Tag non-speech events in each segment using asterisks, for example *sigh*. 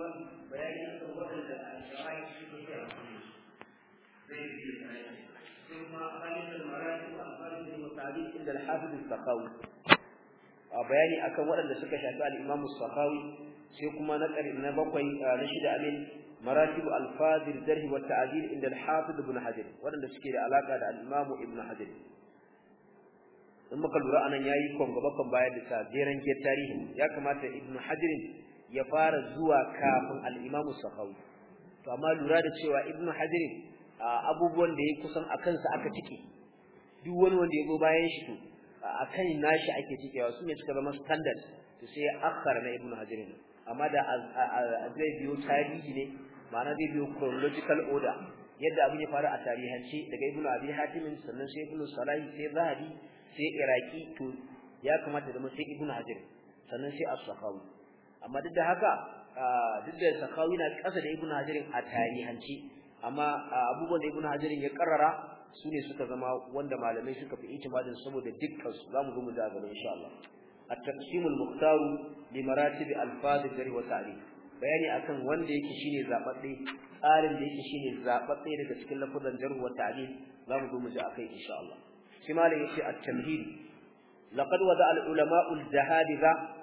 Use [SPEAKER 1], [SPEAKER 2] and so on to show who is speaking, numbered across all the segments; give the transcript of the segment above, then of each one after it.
[SPEAKER 1] bayani a bayani a akan waɗanda suka shafi al sai kuma na ƙari na bakwai na shida amin مراتب والتعديل عند الحافظ ابن حجر suke da alaka da al-Imam Ibn Hajar in muka lura anan yayi kon gaba kan bayan da tarihi ya kamata Ibn Hajar ya fara zuwa kafin al-Imam Sakhawi to amma lura da cewa Ibn Hajar abubuwan da ya kusan akan sa aka cike duk wani wanda ya zo bayan shi to akan nashi ake tikewa sune suka zama standard to sai akhar na Ibn Hajar amma da zai biyo tarihi ne ma'ana zai biyo chronological order yadda abin ya fara a tarihance daga Ibn Abi Hatim sannan sai Ibn Salahi sai Zahabi sai Iraki to ya kamata da sai Ibn Hajar sannan sai As-Sakhawi amma duk da haka duk da sakawi na kasa da ibnu hajarin a tarihanci amma abubuwan da ibnu hajarin ya karrara su ne suka zama wanda malamai suka fi itimadin saboda dukkan su zamu zo mu da gaba insha Allah at-taqsim al-mukhtar li maratib al fadl jari wa ta'rif bayani akan wanda yake shine zababbe tsarin da yake shine zababbe daga cikin lafazan jari wa ta'rif zamu zo mu ji akai insha Allah shi malamin yace at-tamhid laqad wada al-ulama al-jahadiza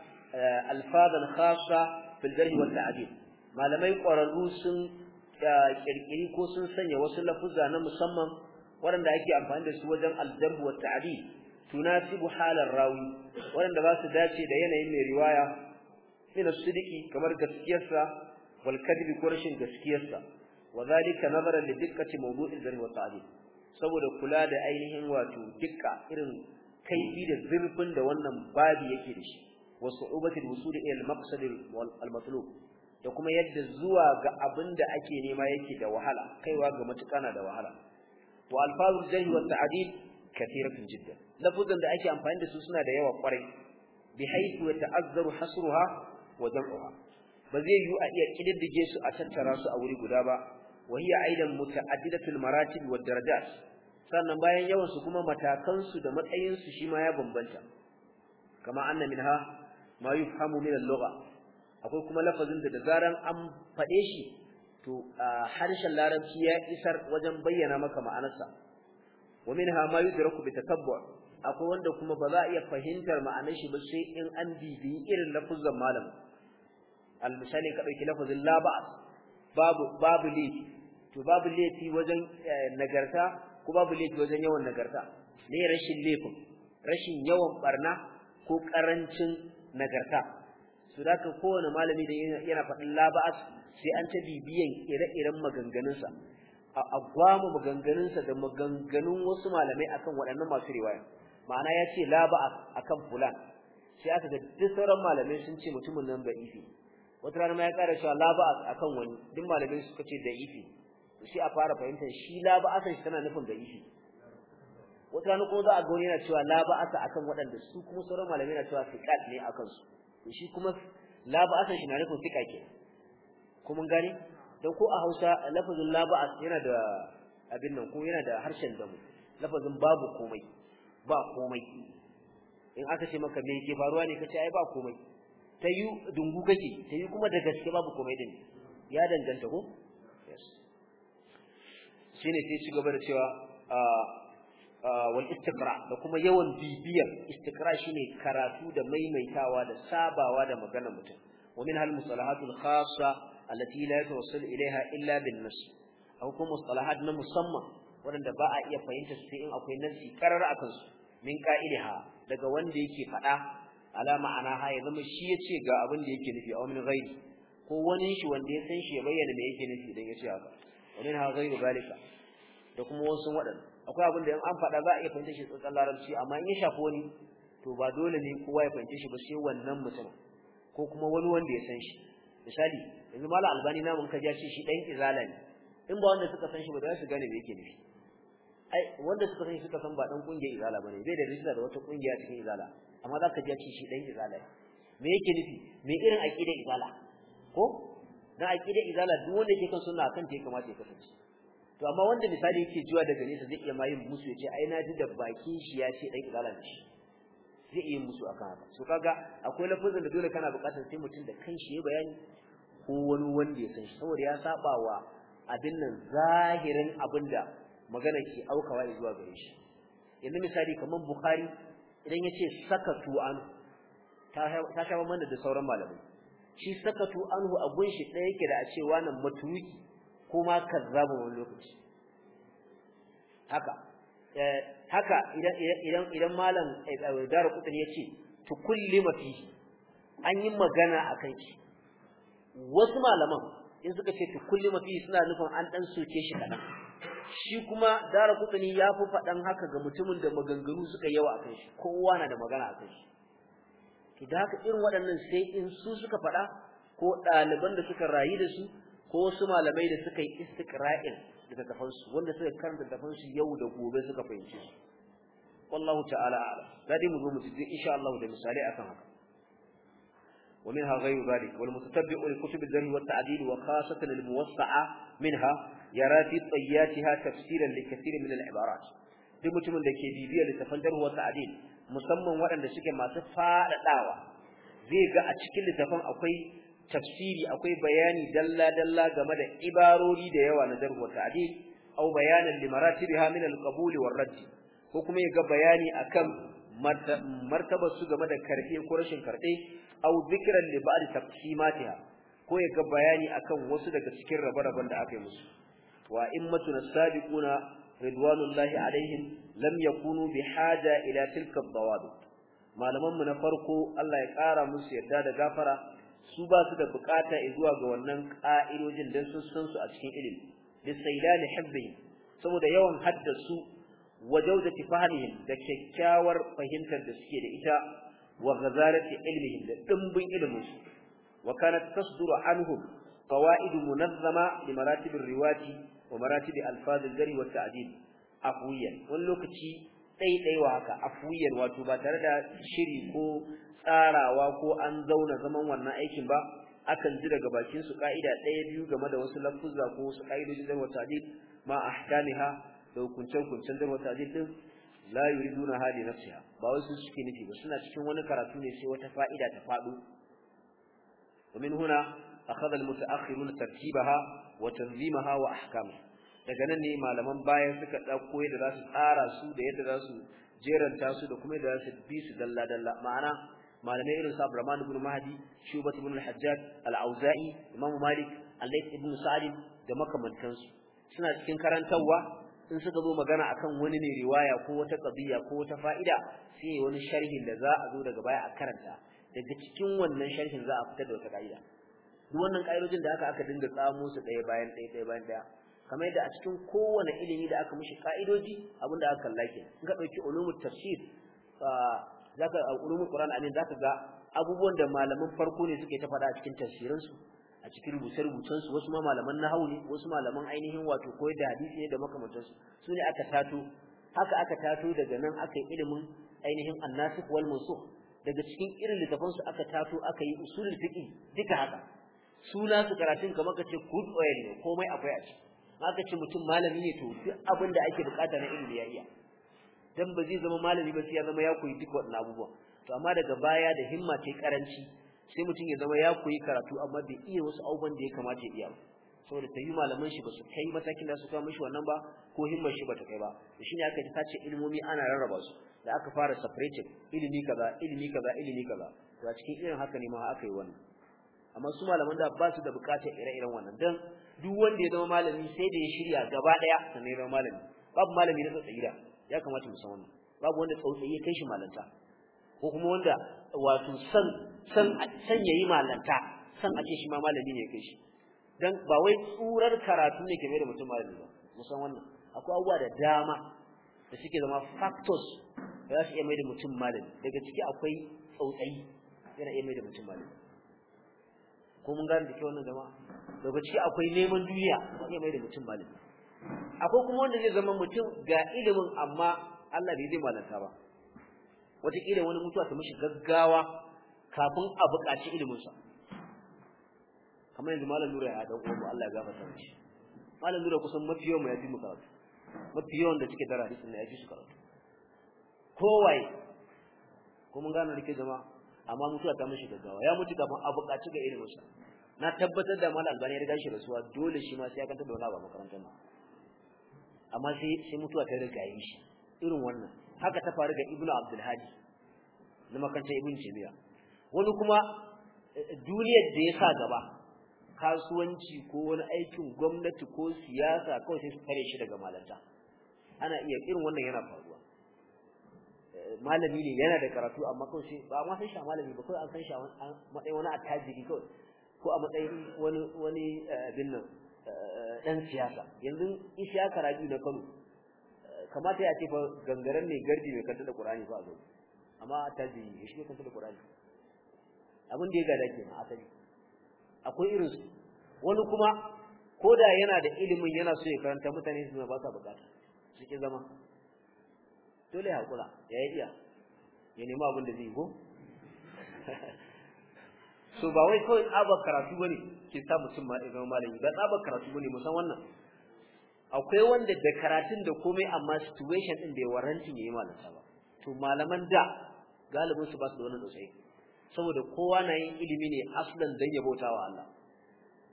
[SPEAKER 1] alfazan khassa fil jarh wal malamai ƙwararru sun kirkiri ko sun sanya wasu lafuzza na musamman waɗanda ake amfani da su wajen aljarh wal ta'dil tunasibu halar rawi waɗanda ba su dace da yanayin mai riwaya min as kamar gaskiyarsa wal kadhibi ko rashin gaskiyarsa وذلك نظرا لدقة موضوع الجرح والتعديل saboda kula da ainihin wato dukka irin kaifi da zurfin da wannan babu yake da shi Wasu su'ubati al-wusul ila al al da kuma yadda zuwa ga abinda ake nema yake da wahala kaiwa ga matuka na da wahala wa alfazul jahl wa ta'dil kathiratun jiddan lafuzan da ake amfani da su suna da yawa kwarai bihaythu yata'azzaru hasruha wa dam'uha ba zai yiwu a iya kididdige su a tattara su a wuri guda ba wa hiya aidan muta'addidatul maratib wad darajat sannan bayan yawan su kuma matakan su da matsayin su shi ma ya bambanta kama anna minha ma yufhamu min al-lugha akwai kuma lafazin da da zaran an faɗe shi to harshen larabci ya isar wajen bayyana maka ma'anarsa wa minha ma yudraku bi tatabbur akwai wanda kuma ba za a iya fahimtar ma'anar shi ba sai in an bibiyi irin lafuzan malam al-misali ka dauki lafazin la ba'as babu babu laifi to babu laifi wajen eh, nagarta ko babu laifi wajen yawan nagarta ne rashin laifin rashin yawan barna ko karancin nagarta su da ka kowane malami da yana faɗin laba'as sai an ta bibiyan ire-iren maganganunsa a gwama maganganunsa da maganganun wasu malamai akan waɗannan masu riwaya ma'ana ya ce laba'as akan fulan sai aka ga duk sauran malamai sun ce mutumin nan ba ifi wata rana ma ya ƙara cewa laba'as akan wani duk malamai suka ce da ifi sai a fara fahimtar shi laba'asan shi tana nufin da ifi wata rana kuma za a gauni yana cewa la ba'asa akan waɗanda su kuma sauran malamai na cewa kad ne akan su to shi kuma la ba'asa shi na nufin fiqa ke kuma gani dan ko a Hausa lafazin la ba'as yana da abin nan ko yana da harshen damu lafazin babu komai ba komai in aka ce maka me yake faruwa ne kace ai ba komai ta yi dungu kake ta yi kuma da gaske babu komai din ya danganta ko yes shine sai ci gaba da cewa ah, wal istiqra da kuma yawan bibiyar istiqra shine karatu da maimaitawa da sabawa da magana mutum wa min hal musalahatul khassa allati la tawassul ilaiha illa bin nas aw kuma musalahat na musamman wanda ba a iya fahimta sai in akwai nasi karar akan su min qa'idaha daga wanda yake fada ala ma'ana ha ya zama shi yace ga abin da yake nufi aw min ghairi ko wani shi wanda ya san shi ya bayyana me yake nufi dan yace haka wa min ha ghairu zalika da kuma wasu waɗanda akwai abin da in an faɗa za a iya fahimta shi tsotsan larabci amma in ya shafi wani to ba dole ne kowa ya fahimce shi ba sai wannan mutum ko kuma wani wanda ya san shi misali yanzu malam albani na mun kaja shi shi dan izala ne in ba wanda suka san shi ba za su gane me yake nufi ai wanda suka san shi suka san ba dan kungiyar izala bane bai da rijista da wata kungiya cikin izala amma za ka ji shi dan izala me yake nufi me irin aqidar izala ko dan aqidar izala duk wanda yake kan sunna kan ta kamata ya kasance to amma wanda misali yake jiwa daga nesa zai iya mayin musu yace ai na ji da bakin shi ya ce dan izala ne shi zai iya musu akan haka so kaga akwai lafazin da dole kana bukatar sai mutum da kanshi ya bayani ko wani wanda ya san shi saboda ya saba wa abin nan zahirin abinda magana ke aukawa zuwa gare shi yanzu misali kamar bukhari idan yace sakatu an ta sha mana da sauran malamai shi saka sakatu anhu a gunshi ɗaya yake da a ce wannan matuki kuma kazzabu wani lokaci haka eh, haka idan idan idan malam eh, daru kutun yace tu kulli mafi an yi magana akan shi wasu malaman in suka ce tu kulli mafi suna nufin an dan soke shi kana shi kuma dara kutsuni ya fi faɗan haka ga mutumin da maganganu suka yawa a shi kowa na da magana a shi to da haka irin waɗannan sai in su suka faɗa ko ɗaliban da suka rayu da su ko su malamai da suka yi istiqra'in daga dafansu wanda suka karanta dafansu yau da gobe suka fahimci wallahu ta'ala a'lam dadi mu zo mu ji insha ومنها غير ذلك والمتتبع لكتب الدرج والتعديل وخاصة الموسعة منها يرى في طياتها تفسيرا لكثير من العبارات دي متمن دي كي بيبيا لتفن درج والتعديل مسمى وعند شكا ما تفعل دعوة ذي قاعد لتفن أو tafsiri akwai bayani dalla dalla game da ibarori da yawa na darhu wa ta'dil au bayanan li maratibiha min al-qabul ko kuma ya ga bayani akan martaba su game da karfe ko rashin karfe au dhikran li ba'd taqsimatiha ko ya ga bayani akan wasu daga cikin rabe da aka yi musu wa immatuna sabiquna ridwanullahi alaihim lam yakunu bihaja ila tilka ad malaman mu na farko Allah ya kara musu yarda da gafara su ba su da bukata zuwa ga wannan ka'idojin dan sun san su a cikin ilimi lisailani hibbihim saboda yawan haddasu wajawdati fahmihim da kyakkyawar fahimtar da suke da ita wa ghazarati ilmihim da dimbin ilimin su wa kanat tasduru anhum qawaid munazzama li maratib riwati wa maratib alfaz al-jari wa ta'dil afwiyan wani lokaci ɗaiɗaiwa haka afwiyan wato ba tare da shiri ko tsarawa ko an zauna zaman wannan aikin ba akan ji daga bakin su ka'ida ɗaya biyu game da wasu lafuzza ko wasu ka'idoji da wata dil ma ahkamiha da hukuncen hukuncen da wata din la yuriduna hali nafsiha ba wasu suke nufi ba suna cikin wani karatu ne sai wata fa'ida ta faɗo ومن هنا أخذ المتأخرون ترتيبها وتنظيمها وأحكامها daga nan ne malaman bayan suka dauko yadda za su tsara su da yadda za su jeranta su da kuma yadda za su bi su dalla dalla ma'ana malamai irin sa Abdurrahman ibn Mahdi Shubat ibn al-Hajjaj al-Auza'i Imam Malik Al-Layth ibn Salim da makamantansu suna cikin karantarwa in suka zo magana kan wani ne riwaya ko wata qadiya ko wata fa'ida sai wani sharhin da za a zo daga baya a karanta daga cikin wannan sharhin za a fitar da wata ka'ida duk wannan ka'idojin da aka aka dinga tsamo su ɗaya bayan ɗaya ɗaya bayan ɗaya kamar yadda a cikin kowane ilimi da aka mishi ka'idoji da aka kalla ke in ka ɗauki ulumul tafsir ah, zaka ulumul qur'an amin zaka ga abubuwan da malaman farko ne suke ta fada a cikin tafsirin su a cikin rubuce rubucen su wasu ma malaman nahawu ne wasu malaman ainihin wato ko da hadisi ne da makamantan su su ne aka tato haka aka tato daga nan aka yi ilimin ainihin annasikh wal mansukh daga cikin irin littafan su aka tato aka yi usulul fiqh duka haka suna su karatun kamar ka ce good oil ne komai akwai a ciki aka ce mutum malami ne to duk abin da ake bukata na ilimi ya iya dan ba zai zama malami ba sai ya zama ya koyi duk waɗannan abubuwa to amma daga baya da himma ta karanci sai mutum ya zama ya koyi karatu amma bai iya wasu abubuwan da ya kamata ya iya ba saboda ta yi malaman shi ba su kai matakin da su kawo mishi wannan ba ko himmar shi ba ta kai ba da shi ne aka ji sace ilimomi ana rarraba su da aka fara separating ilimi kaza ilimi kaza ilimi kaza to a cikin irin haka ne ma aka yi wannan amma su malaman da ba su da bukatar ire-iren wannan dan duk wanda ya zama malami sai da ya shirya gaba daya sannan ya malami babu malami na tsatsaira ya kamata mu san wannan babu wanda tsautsayi yake kai shi malanta ko kuma wanda wato san san san yayi malanta san a ce shi ma malami ne ya kai shi dan ba wai tsurar karatu ne ke mai da mutum malami ba mu san wannan akwai abubuwa da dama da suke zama factors da za su iya mai da mutum malami daga ciki akwai tsautsayi yana iya mai da mutum malami ko mun gane da ke wannan jama'a daga ciki akwai neman duniya iya mai da mutum malami akwai kuma wanda zai zama mutum ga ilimin amma Allah bai zai malanta ba wataƙila wani mutuwa ta mishi gaggawa kafin a buƙaci sa kamar yanzu malam nura ya dan uwanmu Allah ya gafarta mishi malam nura kusan mafi yawan mu ya fi mu karatu mafi yawan da suke dara hadisin ya fi su karatu kowaye ko mun gane rike jama'a amma mutuwa ta mishi gaggawa ya mutu kafin a buƙaci ga sa na tabbatar da malam albani ya riga shi rasuwa dole shi ma sai ya kanta da wani ba makarantar nan amma sai sai mutuwa ta riga yi shi irin wannan haka ta faru ga ibnu abdul hadi na makanta ibn jamiya wani kuma eh, eh, duniyar da ya sa gaba kasuwanci ko wani aikin gwamnati ko siyasa kawai sai su kare shi daga malanta ana iya irin wannan yana faruwa eh, malami ne yana da karatu amma kawai sai ba ma san shi malami ba kawai an san shi a matsayin wani attajiri kawai ko a matsayin wani wani abin nan dan siyasa yanzu Ishaka Rabi na Kano kamata ya ce fa gangaren ne gardi mai kanta da Qur'ani ba zo amma ta tajiri shi ne kanta da Qur'ani abin da ya gada kenan asali akwai irin su wani kuma koda yana da ilimin yana so ya karanta mutane su ba sa bukata su ki zama dole hakura ya iya ya nemi abin da zai go *laughs* so ba wai kawai tsabar karatu bane ke sa mutum ma ya zama malami ba tsabar karatu bane musan wannan akwai wanda da karatun da komai amma situation din bai warantin yayi malanta ba to malaman da galibin su ba su da wannan dosai saboda kowa na yin ilimi ne aslan dan ya bautawa Allah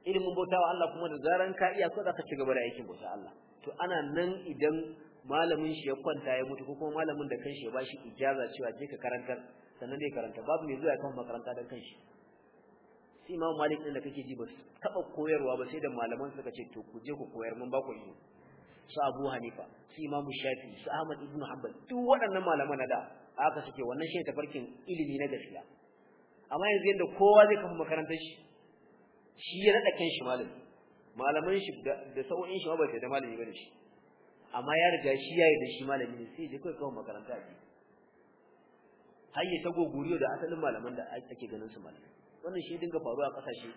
[SPEAKER 1] ilimin bautawa Allah kuma da zaran ka iya da ka ci gaba da aikin bauta Allah to ana nan idan malamin shi ya kwanta ya mutu ko kuma malamin da kanshi ya bashi ijaza cewa je ka karantar sannan dai karanta babu mai zuwa kan makaranta da kanshi imam malik din da kake ji ba su taba koyarwa ba sai da malaman suka ce to ku je ku koyar mun ba ku ilimi su abu hanifa su imam shafi su ahmad ibn hanbal duk waɗannan malaman da aka suke wannan shi tafarkin ilimi na gaskiya amma yanzu yanda kowa zai kafa makarantar shi shi ya nada kan shi malami malaman shi da sau'in shi ma bai da malami bane shi amma ya riga shi yayi da shi malami ne sai je kai kawo makaranta a har ya tago guriyo da asalin malaman da ake ganin su malamai wannan shi dinga faruwa a kasashe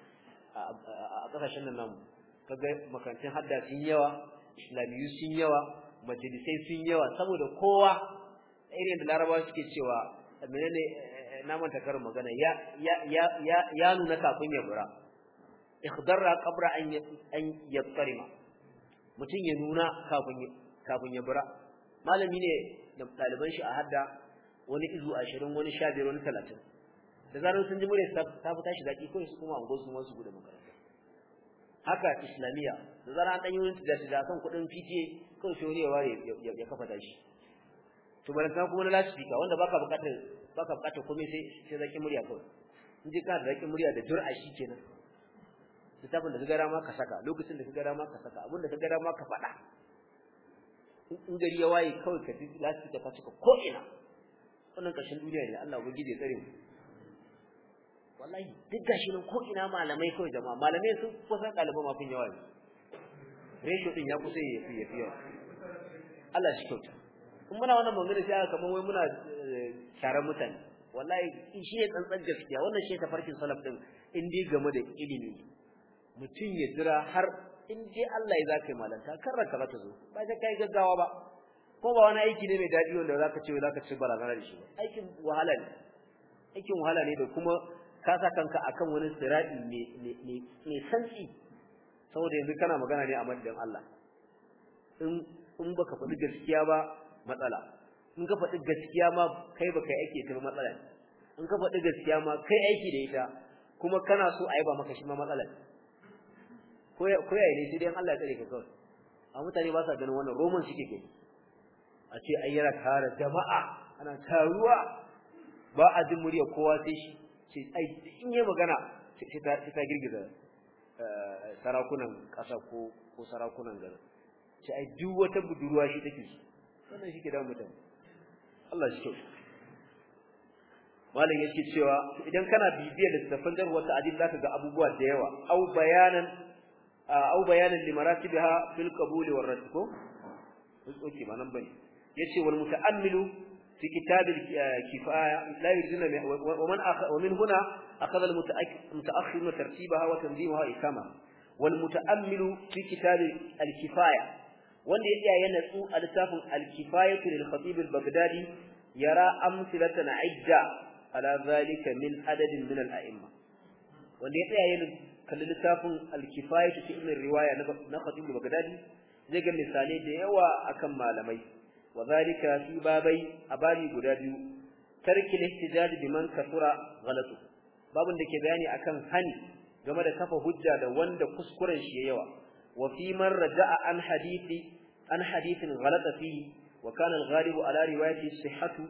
[SPEAKER 1] a kasashen nan namu kaga makarantun hadda sun yawa islamiyu sun yawa majalisai sun yawa saboda kowa irin da larabawa suke cewa menene eh, na manta karin magana ya ya ya nuna kafin ya bura ikhdarra qabra an an yatsarima mutum ya nuna kafin kafin ya bura malami ne da ɗaliban shi a hadda wani izu 20 wani 15 wani 30 da zarar sun ji muryar ta fi tashi zaki ko su kuma unguwar su su gudun makaranta haka islamiyya da zarar an ɗanyi wani da kan kuɗin pta kawai sai wani ya ware ya kafa tashi to bari ka kuma na lasifika wanda baka bukatar baka bukatar komai sai sai zaki murya kawai in ji ka da zaki murya da jur'a kenan littafin da ka gara ma ka saka lokacin da ka gara ma ka saka abin da gara ma ka faɗa in gari ya waye kawai ka ji lasifika ka cika ko ina wannan ƙarshen duniya ne Allah ubangiji ya tsare mu wallahi duk gashi nan ko ina malamai ko jama'a malamai sun kusa ɗaliban ma kun yawa ne ratio din ya kusa ya fi ya fi yawa Allah shi kyauta in muna wannan magana sai aka kamar wai muna eh, sharar mutane wallahi shi ya tsantsan gaskiya wannan shi ta farkin salaf din in dai game da ilimi mutum ya jira har in dai Allah ya zaka malanta kar ranka zaka ta zo ba sai kai gaggawa ba ko ba wani aiki ne mai daɗi wanda zaka ce zaka ci barazana da shi ba aikin wahala ne aikin wahala ne da kuma ka sa kanka akan wani sirati mai santsi saboda yanzu kana magana ne a madadin Allah in baka faɗi gaskiya ba matsala in ka faɗi gaskiya ma kai baka yi aiki ta matsala in ka faɗi gaskiya ma kai aiki da ita kuma kana so a yi ba maka shi ma matsala ko ya ne sai dai Allah ya tsare ka kawai a mutane ba sa ganin wannan roman suke ke a ce ayyara yana kare jama'a ana taruwa ba a jin murya kowa sai shi sai ai in yi magana sai ta girgiza eh, sarakunan ƙasa ko ko sarakunan garin sai ai duk wata budurwa shi take su sannan shi ke da mutane Allah shi kyau malam yake cewa idan kana bibiyar littafin jarhuwar ta'adil zaka ga abubuwa da yawa au bayanan au bayanan limaratibiha fil qabuli war rad ko okay ba nan bane yace wal muta'ammilu في كتاب الكفاية لا يلزمنا ومن ومن هنا أخذ المتأخرون ترتيبها وتنظيمها إكاما والمتأمل في كتاب الكفاية والذي يجعل أن ألساف الكفاية للخطيب البغدادي يرى أمثلة عدة على ذلك من عدد من الأئمة والذي يجعل أن ألساف الكفاية في الرواية نخطيب البغدادي يجعل مثالي ديوا أكمل ميت wa zalika fi babai abali guda biyu tarkil ihtijaj man kasura ghalatu babun da ke bayani akan hani game da kafa hujja da wanda kuskuren shi yawa wa fi man raja'a an hadisi an hadithin a fi wa kana al-ghalibu ala riwayati sihhatu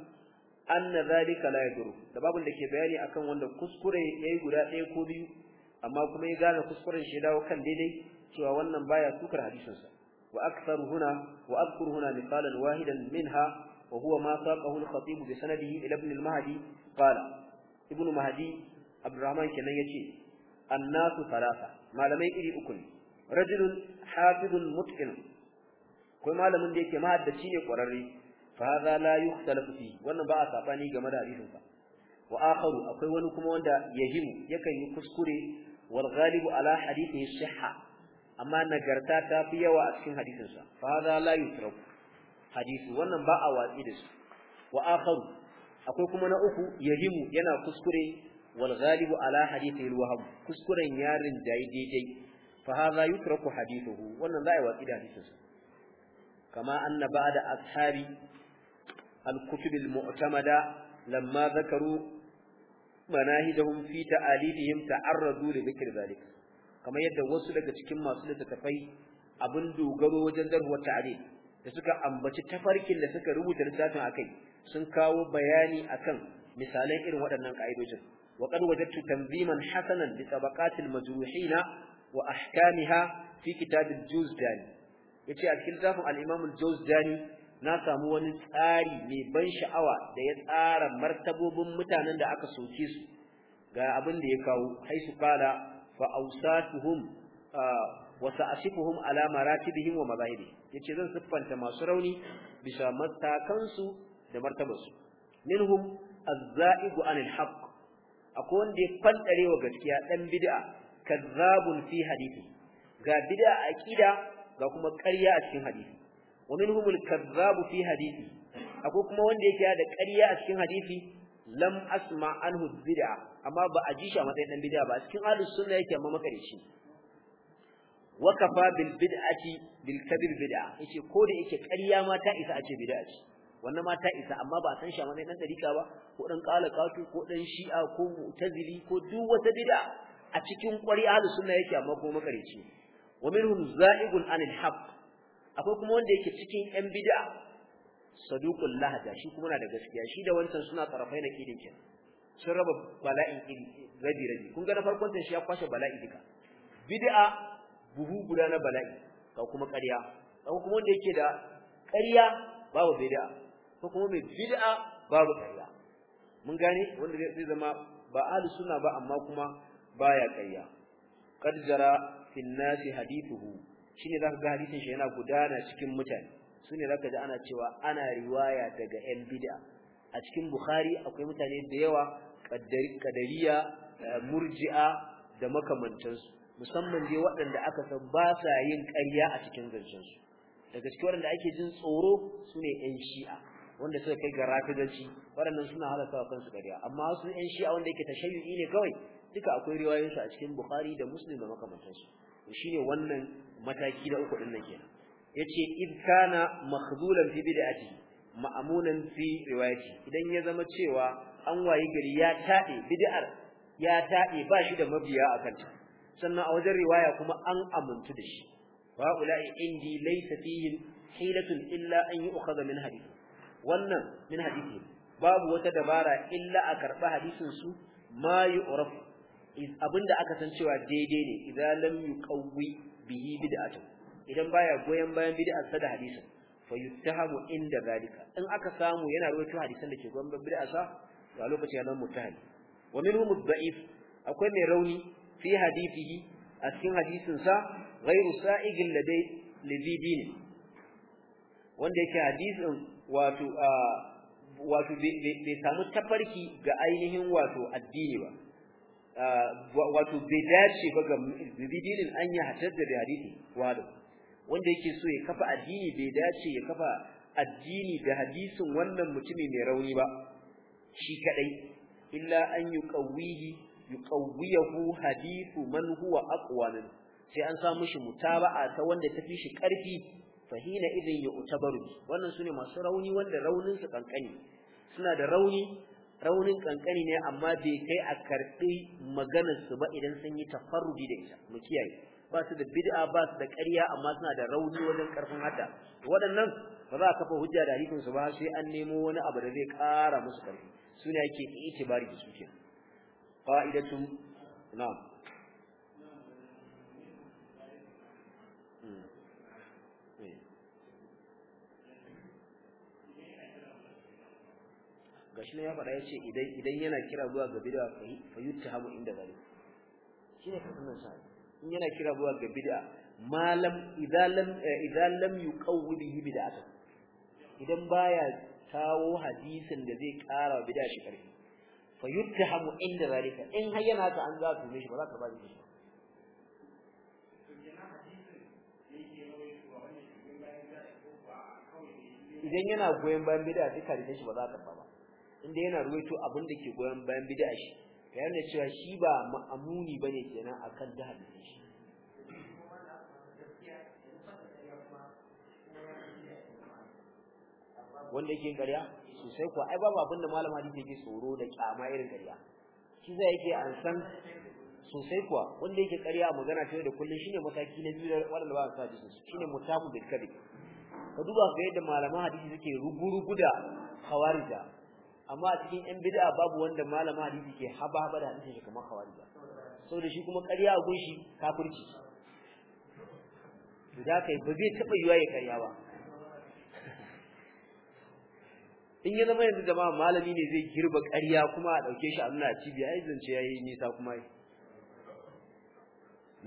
[SPEAKER 1] anna zalika la yaduru da babun da ke bayani akan wanda kuskure yayi guda ɗaya ko biyu amma kuma ya gane kuskuren shi ya dawo kan daidai cewa wannan baya sukar hadisinsa وأكثر هنا وأذكر هنا مثالا واحدا منها وهو ما ساقه الخطيب بسنده إلى ابن المهدي قال ابن مهدي عبد الرحمن كان يجي الناس ثلاثة ما لم يئري أكل رجل حافظ متقن كل ما لم يك ما الدشين قرري فهذا لا يختلف فيه وأن بعض أباني جمد عليهم وآخر أقوى لكم وأن يهم يكن يكسكري والغالب على حديثه الصحة amma nagarta ta fi yawa a cikin hadisin sa fa hadha la yusraku hadisi wannan ba a watsi da su wa akharu akwai kuma na uku yahimu yana kuskure wal ghalibu ala hadithi al wahab kuskuren yarin dai daidai fa hadha yusraku hadithuhu wannan za a watsi da hadisin sa kama anna ba'da ashabi al kutub al mu'tamada lamma zakaru manahidahum fi ta'alidihim ta'arradu li dhikri dhalika kamar yadda wasu daga cikin masu littattafai abin dogaro wajen darwar ta'ari da suka ambaci tafarkin da suka rubuta littafin akai sun kawo bayani akan misalan irin waɗannan ka'idojin wa kan wajadtu tanziman hasanan li tabaqatil majruhina wa ahkamiha fi kitab al-juzdani yace a cikin littafin al-imam al-juzdani na samu wani tsari mai ban sha'awa da ya tsara martabobin mutanen da aka soke su ga abin da ya kawo haisu kala fa awsatuhum wa sa'sifuhum ala maratibihim wa Ya yace zan siffanta masu rauni bisa matakansu da martabarsu minhum az anil haqq akwai wanda ya fantare wa gaskiya dan bid'a kazzabun fi hadithi ga bid'a aqida ga kuma ƙarya a cikin hadisi wa minhum kazzabu fi hadithi akwai kuma wanda yake da ƙarya a cikin hadisi lam asma anhu bid'a amma ba a ji shi a matsayin dan bid'a ba cikin ahlus sunna yake amma makarici wa kafa bil bid'ati bil kadhib bid'a yace ko da yake ƙarya ma ta isa a ce bid'a ce wannan ma ta isa amma ba san shi a matsayin dan dariƙa ba ko dan kala katu ko dan shi'a ko mu'tazili ko duk wata bid'a a cikin ƙwari ahlus sunna yake amma ko makarici wa minhum za'igun anil haqq akwai kuma wanda yake cikin ƴan bid'a saduqul lahaja shi kuma na da gaskiya shi da wancan suna tarafai na kidin kin sun raba bala'in rabi rabi kun ga na farkon shi ya kwashe bala'i duka bid'a buhu guda na bala'i ga kuma ƙarya ga kuma wanda yake da ƙarya babu bid'a ko kuma mai bid'a babu ƙarya mun gane wanda zai zama ba ahlus sunna ba amma kuma baya ƙarya qad jara fi nasi hadithuhu shine zaka ga hadisin shi yana gudana cikin mutane sune zaka ji ana cewa ana riwaya daga yan bid'a a cikin bukhari akwai mutane da yawa kadariya eh, murji'a da makamantansu musamman dai waɗanda aka san ba sa yin karya a cikin zancensu daga cikin waɗanda ake jin tsoro sune yan shi'a wanda suka kai ga rafidanci waɗannan suna halaka kansu karya, amma su yan shi'a wanda yake tashayyu'i ne kawai duka akwai riwayoyinsu a cikin bukhari da muslim da makamantansu shine wannan mataki da uku ɗin nan kenan yace id kana makhdulan fi bid'ati ma'amunan fi riwayati idan ya zama cewa an wayi gari ya tade bid'ar ya tade ba shi da mabiya a kanta sannan a wajen riwaya kuma an amuntu da shi wa ulai indi laysa fihi hilatun illa an yu'khadha min hadith wannan min hadisi babu wata dabara illa a karba hadisin su ma yu'raf abinda aka san cewa daidai ne idan lam yuqawwi bihi bid'atuhu idan baya goyen bayan bid'a sa da hadisin fa yuttahamu inda zalika in aka samu yana rawaito hadisan da ke goyen bayan bid'a sa to a lokacin yana muttaham wa minhum ad-da'if akwai mai rauni fi hadithihi a cikin hadisin sa ghairu sa'igil ladai lidini wanda yake hadisin wato wato bai samu tafarki ga ainihin wato addini ba wato bai dace ba ga bidinin an yi hatar da hadisi wato wanda yake so ya kafa addini bai dace ya kafa addini da hadisin wannan mutumi mai rauni ba shi kadai illa an yuqawwihi yuqawwiyahu hadithu man huwa aqwa sai an samu shi mutaba'a ta wanda tafi shi karfi fahina idin ya utabaru wannan sune masu rauni wanda raunin su kankani suna da rauni raunin kankani ne amma bai kai a karbi maganar su ba idan sun yi tafarrudi da ita mu kiyaye ba su da bid'a ba su da ƙarya amma suna da rauni wajen ƙarfin hadda waɗannan ba za a kafa hujja da hikin su ba sai an nemo wani abu da zai ƙara musu ƙarfi suna yake itibari da su ke fa'idatun na'am hmm. eh. gashi ne ya faɗa ya ce idan yana kira zuwa ga bid'a fa yutta hamu inda bari shi ne kasanin sa in yana kira zuwa ga bid'a malam idan lam eh, idan lam yuqawwi bihi bid'atu idan baya tawo hadisin da zai ƙara bid'a shi karfi fa yuttahamu inda zalika in har yana ta an za su mishi ba za ka ba shi ba idan yana goyon bayan bid'a duka da shi ba za ka ba inda yana ruwaito abin da ke goyon bayan bid'a shi ya da cewa shi ba ma'amuni bane kenan akan jahannama shi wanda yake ƙarya sosai kuwa ai babu abin da malam hadisi yake tsoro da kyama irin ƙarya shi zai yake an san sosai kuwa wanda yake ƙarya magana ta da kullun shine mataki na biyu wanda ba sa hadisi shine mutaku bil kadhib ka duba ga yadda malaman hadisi suke rugurugu da khawarija amma a cikin yan bid'a babu wanda malama hadisi ke haba haba da hadisi kamar sau saboda shi kuma ƙarya a gunshi kafirci to da kai ba zai taba yiwa ya ƙarya ba in ya zama yanzu jama'a malami ne zai girba ƙarya kuma a ɗauke shi a nuna cibiya ya zance yi nisa kuma ai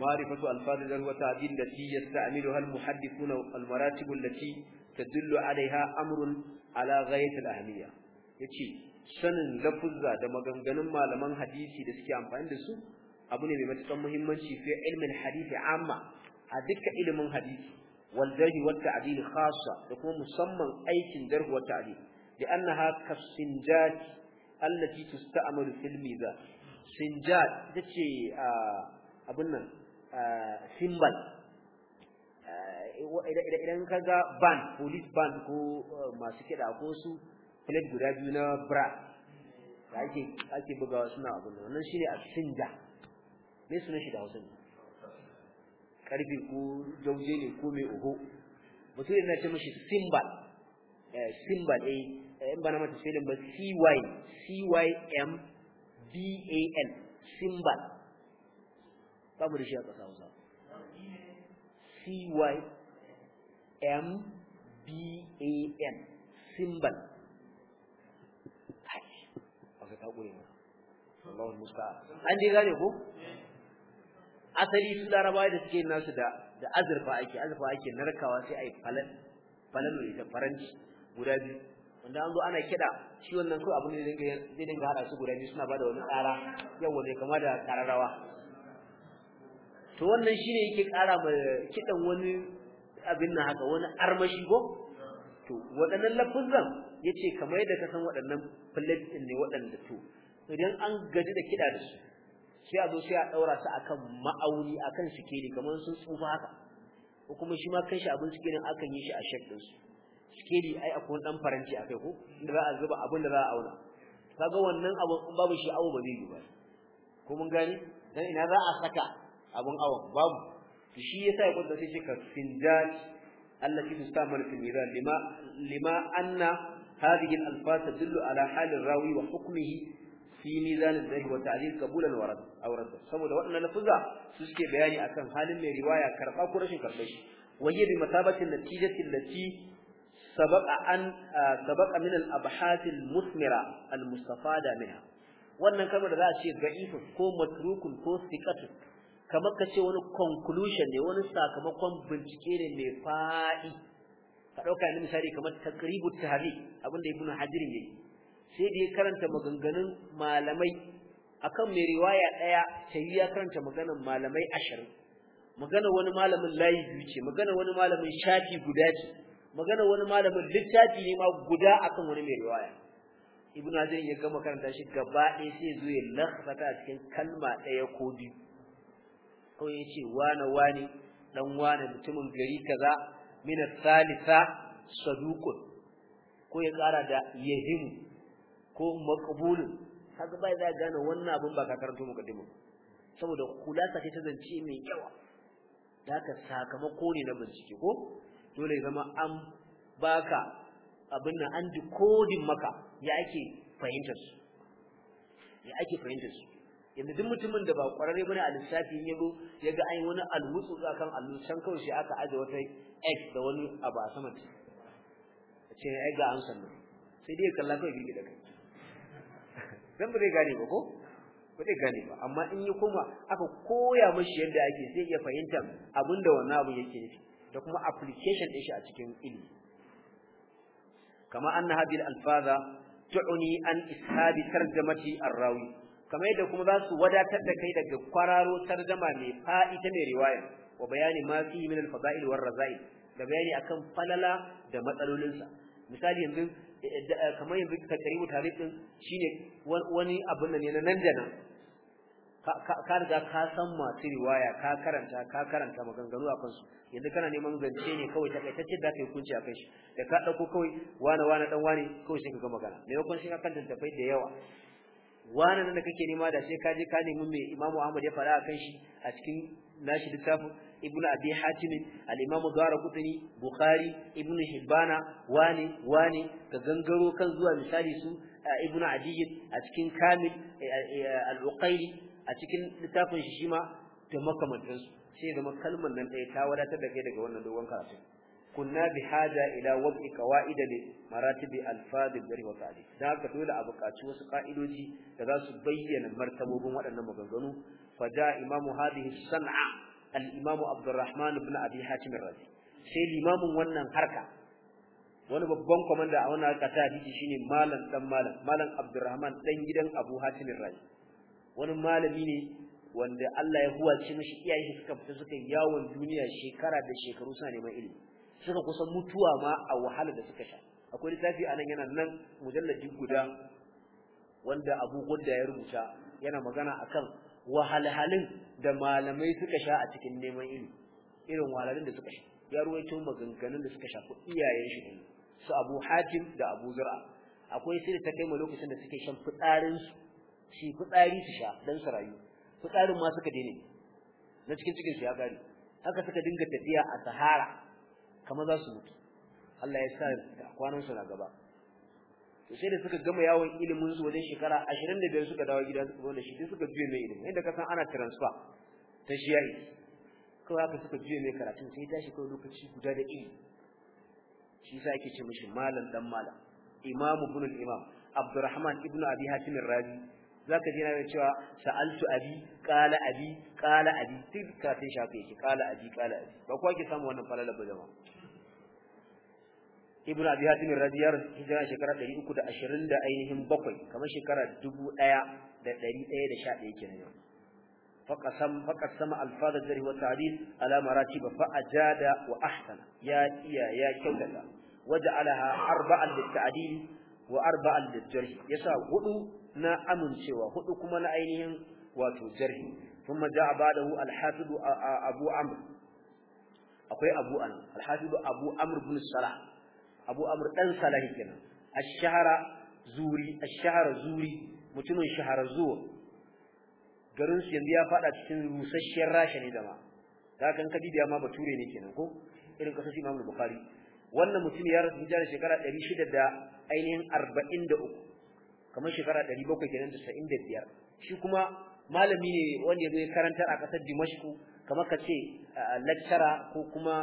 [SPEAKER 1] معرفة ألفاظ الذروة kuna التي يستعملها المحدثون المراتب التي تدل عليها أمر على غاية الأهمية yace sanin lafuzza da maganganun malaman hadisi da suke amfani da su abu ne mai matukar muhimmanci fi ilmin hadisi amma a dukkan ilimin hadisi wal jarh wa ta'dil khassa da kuma musamman aikin jarh wa ta'dil li annaha kasinjat allati tusta'malu fil mizan sinjat yace abun nan simbal idan ga ban police ban ko eh, masu kida ko su plate guda biyu na bra da ake ake bugawa suna abun nan wannan shine asinja me suna shi da Hausa ne ko jauje ne ko me oho mutum yana ce mishi simbal eh simbal eh, eh in bana mata sai ba C Y C Y M B A N simbal babu da shi a ƙasa Hausa C Y M B A N simbal ta gure Allahu musta'an an dai gane ko asali su larabawa da suke nasu da da azurfa ake azurfa ake narkawa sai ai falal ne da faranci guda biyu wanda an zo ana kida shi wannan ko abin da dinga zai dinga hada su guda biyu suna bada wani tsara yawa ne kama da kararrawa to wannan shine yake kara ma kidan wani abin nan haka wani armashi ko to waɗannan lafuzan yace kamar yadda ka san waɗannan plate din ne waɗanda to idan an gaji da kiɗa da su sai a zo sai a daura su akan ma'auni akan ne kamar sun tsufa haka ko kuma shi ma shi abin ne akan yi shi a shek din su ne ai akwai wani dan faranti akai ko inda za a zuba abin da za a auna kaga wannan abun in babu shi awo ba zai yi ba ko mun gani dan ina za a saka abun awon babu to shi yasa ya kwanta sai shi ka finjat allati tustamal fil mizan lima lima anna هذه الألفاظ تدل على حال الراوي وحكمه في ميزان الذهب وتعليل قبولا ورد أو رد saboda waɗannan lafuza su suke bayani akan halin mai riwaya karɓa ko rashin karɓe shi waje bi matabatin natijatin lati sabaqa an sabaqa min al musmira al mustafada minha wannan kalmar da za a ce ga'ifu ko matrukun ko siqatu kamar ka ce wani conclusion ne wani sakamakon bincike ne mai fa'i ka dauka ni misali kamar taqribut tahri abinda ibn hajar yayi sai da ya karanta maganganun malamai akan mai riwaya daya sai ya karanta maganan malamai 20 magana wani malamin layi biyu ce magana wani malamin shafi guda ce magana wani malamin littafi ne ma guda akan wani mai riwaya ibn hajar ya gama karanta shi gaba ɗaya sai zo ya lakhata a cikin kalma ɗaya ko biyu ko yace ce wane wane dan wane mutumin gari kaza min thalitha saduqun ko ya kara da yahimu ko maqbulun kaga bai za gane wannan abin ba ka karanto mukaddimu saboda kulasa ce ta zance mai yawa da ka sakamako ne na bincike ko dole ya zama an baka abin nan an dikodin maka ya ake fahimtar su ya ake fahimtar su yanzu duk mutumin da ba kwararre bane a lissafi ne zo ya ga an wani almutsu akan allu can kawai shi aka aje wata x da wani abu a sama ce ce ai ga an nan sai dai kalla kai gidi da kai dan bai gane ba ko ba zai gane ba amma in yi kuma aka koya mashi yadda ake zai iya fahimtar abinda wannan abu yake nufi da kuma application din shi a cikin ilimi kama anna hadhihi al-alfaza tu'ni an ishabi tarjamati ar-rawi kamar yadda kuma za su wadatar da kai daga kwararo tarjama mai fa'ita mai riwaya wa bayani ma fi min al-fada'il war raza'il da bayani akan falala da matsalolinsa misali yanzu kamar yanzu ka karibu tarif din shine wani abun ne na nan da nan ka riga ka san masu riwaya ka karanta ka karanta maganganu a kansu yanzu kana neman zance ne kawai takaitacce da kai kunci a kai shi da ka dauko kawai wane wane dan wane kawai sai ka ga magana maimakon shi ka tantafai da yawa wani da kake nema da sai ka je ka nemi mai Imam Ahmad ya fara akan shi a cikin nashi littafin Ibn Abi Hatim al-Imam Darqutni Bukhari Ibn Hibbana wani wani ka gangaro kan zuwa misali su Ibn Adi a cikin Kamil al-Uqayli a cikin littafin shi shima da makamantansu sai zama kalmar nan ɗaya ta wadatar da kai daga wannan dogon karatu kunna bi haja ila wadi qawaid li maratib alfaz al-jarh wa ta'dil da haka dole a buƙaci wasu ka'idoji da za su bayyana martabobin waɗannan maganganu fa ja imamu hadhihi san'a al-imamu abdurrahman ibn abi sai limamin wannan harka wani babban komanda a wannan harka ta shine malam dan malam malam abdurrahman dan gidan abu hatim ar wani malami ne wanda Allah ya huwace mishi iyaye suka fita suka yawon duniya shekara da shekaru suna neman ilimi suka kusan mutuwa ma a wahala da suka sha akwai littafi anan yana nan mujalladi guda wanda Abu Gudda ya rubuta yana magana akan wahalhalin da malamai suka sha a cikin neman ilimi irin wahalhalin da suka sha ya ruwaito maganganun da suka sha, ko iyayen shi ne, su Abu Hatim da Abu Zur'a akwai sai da ta kai ma lokacin da suke shan fitsarin su shi fitsari su sha dan su rayu fitsarin ma suka daina na cikin cikin su ya gari haka suka dinga tafiya a Sahara kamar za su mutu Allah ya sa kwanan su na gaba to sai da suka gama yawon ilimin su wajen shekara 25 suka dawo gida suka zo da shi suka juye mai ilimi inda ka san ana transfer ta shiyayi ko haka suka juye mai karatun sai ta shi kawai lokaci guda da ilimi shi yasa ake ce mishi malam dan malam imamu ibn al-imam abdurrahman ibn abi hatim ar-razi zaka ji na cewa sa'altu abi qala abi qala abi tilka sai shafe shi qala abi qala abi ba kwa ki samu wannan falala ba jama'a ibn abi hatim radiyar hijira shekara 320 da ainihin bakwai kamar shekara 1111 kenan faqasam faqasama alfaz al-jarh wa ta'dil ala maratib fa ajada wa ahsana ya iya ya kyautata waja'alaha arba'an lit-ta'dil wa arba'an lit-jarh yasa hudu na amincewa hudu kuma na ainihin wato jarh ثم جاء بعده الحافظ أبو عمرو Akwai أبو أنا الحافظ أبو عمرو بن الصلاح abu amr dan salahi kenan ash-shahara zuri ash-shahara zuri mutumin shahara zuwa garin su yanzu ya fada cikin rusasshiyar rasha ne da ma kan ma bature ne kenan ko irin kasar Imam Bukhari wannan mutum ya rasu hijira shekara 600 da ainihin 43 kamar shekara 700 kenan da 95 shi kuma malami ne wanda ya karanta karantar a kasar dimashku kamar ka ce lecturer ko kuma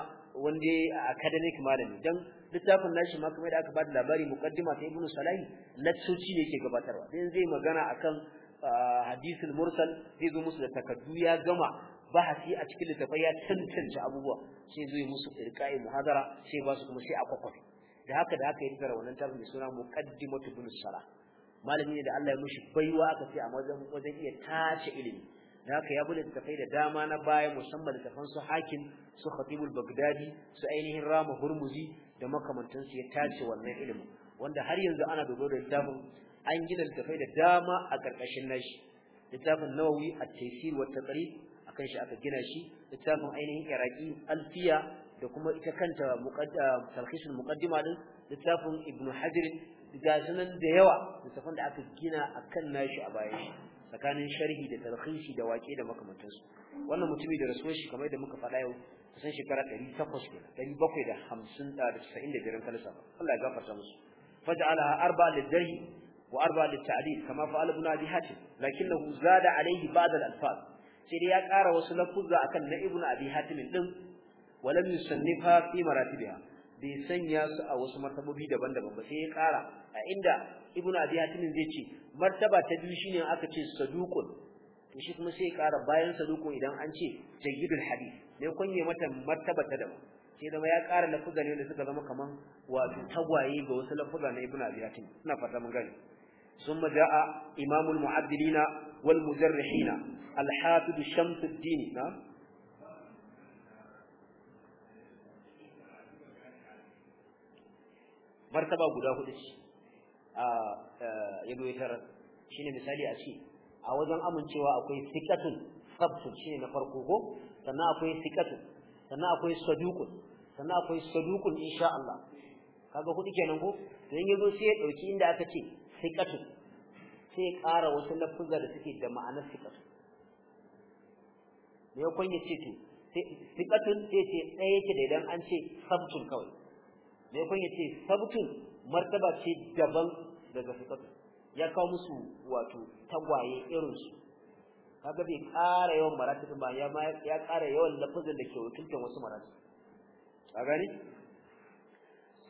[SPEAKER 1] wanda academic malami dan littafin nashi ma kamar da aka bada labari muqaddima ta ibnu salahi laccoci ne yake gabatarwa dan zai magana akan ah, hadisul mursal zai zo musu da takaddu ya gama bahasi a cikin littafai ya tantance abubuwa sai zo musu irqai muhadara sai ba su kuma sai a kwakwafi da haka da haka ya tsara wannan tafin mai suna muqaddimatu ibn salah malami ne da Allah ya mishi baiwa aka ce a wajen wajen iya tace ilimi da haka ya bude tafai da dama na baya musamman da tafan su hakim su khatibul bagdadi su ainihin rama hurmuzi da makamantansu ya tace wannan ilimin wanda har yanzu ana dogaro da littafin an gina littafai da dama a ƙarƙashin nashi littafin nawawi a taysir wa taqrib akan shi aka gina shi littafin ainihin iraki alfiya da kuma ita kanta tarkhishin muqaddima din littafin ibnu hajar ga sunan da yawa littafin da aka gina akan nashi a baya shi tsakanin sharhi da tarkhishi da waƙe da makamantansu wannan mutumi da rasuwar shi kamar da muka faɗa yau kusan shekara ɗari takwas 800 ɗari bakwai da hamsin ah, da da 95 kalisa Allah ya gafarta musu faj'alaha arba lidhi wa arba litta'dil kama fa fa'ala ibn abi hatim lakinnahu zada alayhi ba'd al-alfaz sai dai ya ƙara wasu lafuzza akan na ibn abi hatim din walam yusannifa fi maratibiha bai sanya su a wasu martabobi daban-daban ba sai ya ƙara a inda ibn abi hatim zai ce martaba ta biyu shine aka ce saduqun shi kuma sai ya ƙara bayan saduqun idan an ce jayyidul hadith ne kun mata martaba ta daban sai da ya ƙara lafuza ne da suka zama kaman wato tagwaye ga wasu lafuza na ibnu abi hatim ina fata mun gane ثم جاء إمام المعدلين والمجرحين الحافظ شمس الدين نعم martaba guda hudu shi a ah, eh, yabo ya tarar shine misali a a wajen amincewa akwai siqatun sabtun ne na farko ko sannan akwai siqatun sannan akwai sadukun sannan akwai sadukun insha Allah kaga kudi kenan ko to in yazo sai ya dauki inda aka ce siqatun sai ya ƙara wasu lafuzar da suke da ma'anar siqatun me ya ne ce to siqatun sai ce ɗaya yake da idan an ce sabtun kawai me ya ne ce sabtun martaba ce daban daga siqatun ya kawo musu wato tagwaye irinsu kaga bai ƙara yawan maratib ba ya ma ya ƙara yawan lafazin da ke wakiltar wasu maratib a gani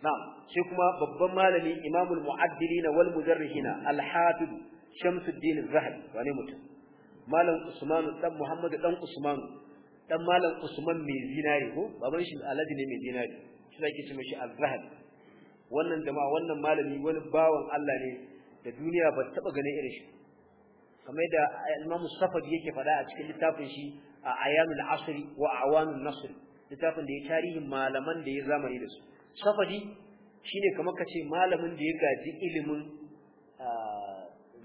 [SPEAKER 1] Na. shi kuma babban malami imamul mu'addilin wal mujarrihin al-hafiz shamsuddin az-zahabi wani mutum malam usman dan muhammad dan usman dan malam usman mai zinari ko baban shi alhaji ne mai zinari shi ake ce mishi al zahabi wannan jama'a wannan malami wani bawan Allah ne da duniya ba taba ganin irin shi kamar da Imam Safadi yake faɗa a cikin littafin shi a Ayyamul Asri wa Awanul Nasr littafin da ya tarihin malaman da ya zamani da su Safadi shine kamar kace malamin da ya gaji ilimin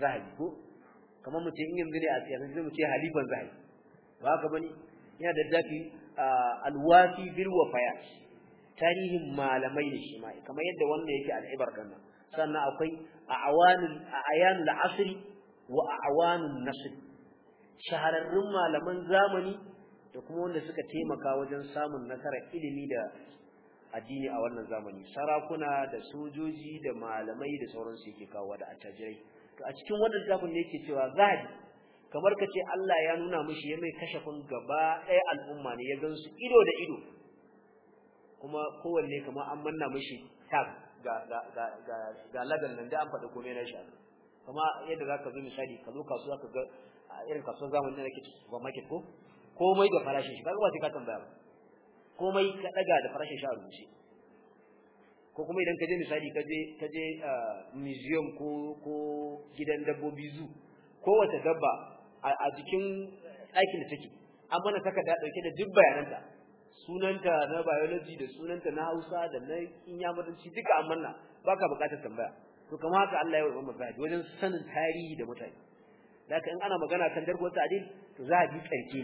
[SPEAKER 1] zahabi ko kamar mutum in yanzu ne a siyasa mu ce halifan zahabi ba ka bani. yana da dafi alwafi bil wafayat tarihin malamai ne shi ma kamar yadda wanda yake al'ibar kanna sannan akwai a'wanul a'yanul asr wa a'wanun nasr shahararrun malaman zamani da kuma wanda suka taimaka wajen samun nasarar ilimi da addini a wannan zamani sarakuna da sojoji da malamai da sauransu yake kawo da attajirai to a cikin wannan zakun ne yake cewa zahabi kamar kace Allah ya nuna mishi ya mai kashafin gaba ɗaya al'umma ne ya gansu ido da ido kuma kowanne kamar an manna mishi tab. ga ga ga ga ladan nan da an faɗi komai na shi kuma yadda zaka zo misali ka zo kasuwa ka ga irin kasuwar zamani da nake ba market ko komai da farashin shi kaga ba sai ka tambaya ba komai ka daga da farashin shi a rubuce ko kuma idan ka je misali ka je ka je museum ko ko gidan dabbobi zu kowace dabba a jikin ɗakin da take an mana takarda dauke da duk bayananta sunanta na biology da sunanta na Hausa da na Inyamuranci duka amma baka bukatar tambaya to kamar haka Allah ya warware maka wajen sanin tarihi da mutane laka in ana magana kan darbo adil to za a bi tsarki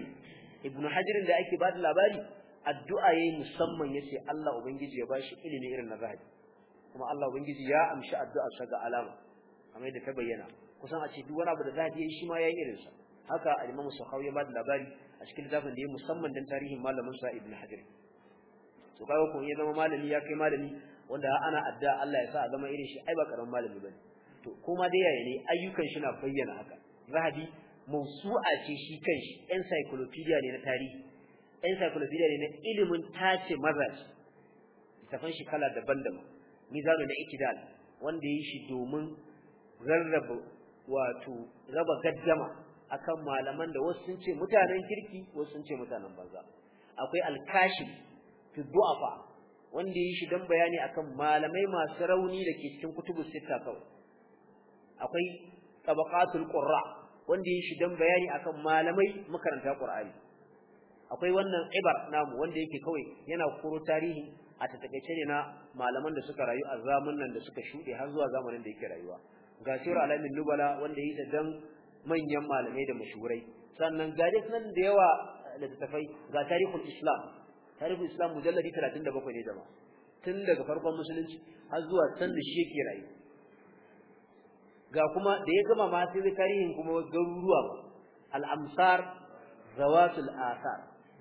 [SPEAKER 1] ibn hajirin da ake bada labari addu'a yayin musamman yace Allah ubangiji ya bashi ilimi irin na zahabi kuma Allah ubangiji ya amshi addu'a sa ga alama kamar da ta bayyana kusan a ce duk wani abu da zahabi yayi shi ma yayi irin sa haka al-Imam sahawi ya bada labari a cikin littafin da ya musamman dan tarihin malamin sa ibn hajar to kaga ko ya zama malami ya kai malami wanda ana adda Allah ya sa a zama irin shi ai ba karaman malami bane to kuma dai yaya ne ayyukan shi na bayyana haka zahabi mawsu'a ce shi kanshi encyclopedia ne na tarihi encyclopedia ne na ilimin tace mazaji tafan shi kala daban-daban mizanu na ikidal wanda yi shi domin rarraba wato raba gaddama akan malaman da wasu sun ce mutanen kirki wasu sun ce mutanen banza akwai alkashi fi du'afa wanda yi shi dan bayani akan malamai masu rauni da ke cikin kutubu sita kawai akwai tabaqatul qurra wanda yi shi dan bayani akan malamai makaranta qur'ani akwai wannan ibar namu wanda yake kawai yana koro tarihi a tatakaice ne na malaman da suka rayu a zamanin da suka shuɗe har zuwa zamanin da yake rayuwa ga shura alamin nubala wanda yi da dan manyan malamai da mashurai sannan ga nan da yawa tafai ga tarihul islam tarihul islam mujalladi 37 ne jama'a tun daga farkon musulunci har zuwa san da shi yake rayu ga kuma da ya gama ma sai tarihin kuma garuruwa al-amsar zawatul asar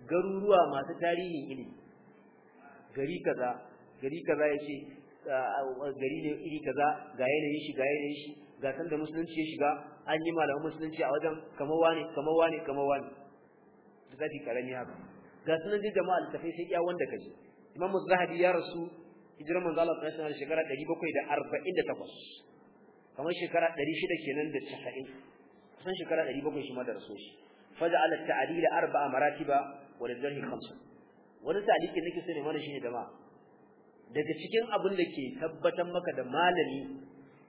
[SPEAKER 1] garuruwa masu tarihin ilimi gari kaza gari kaza yace gari ne iri kaza ga yanayin shi ga yanayin shi ga san da musulunci ya shiga an yi malamin musulunci a wajen kamar wani kamar wani kamar wani da zafi karami haka ga sunan dai jama'a littafai sai iya wanda kaji imam zahabi ya rasu hijirar manzo Allah sallallahu alaihi wasallam shekara 748 kamar shekara 600 kenan da 90 kusan shekara 700 shi ma da rasu shi faja'ala at-ta'dil arba'a maratiba wa lillahi khamsa wani taliki nake so ne shi ne jama'a daga cikin abin da ke tabbatar maka da malami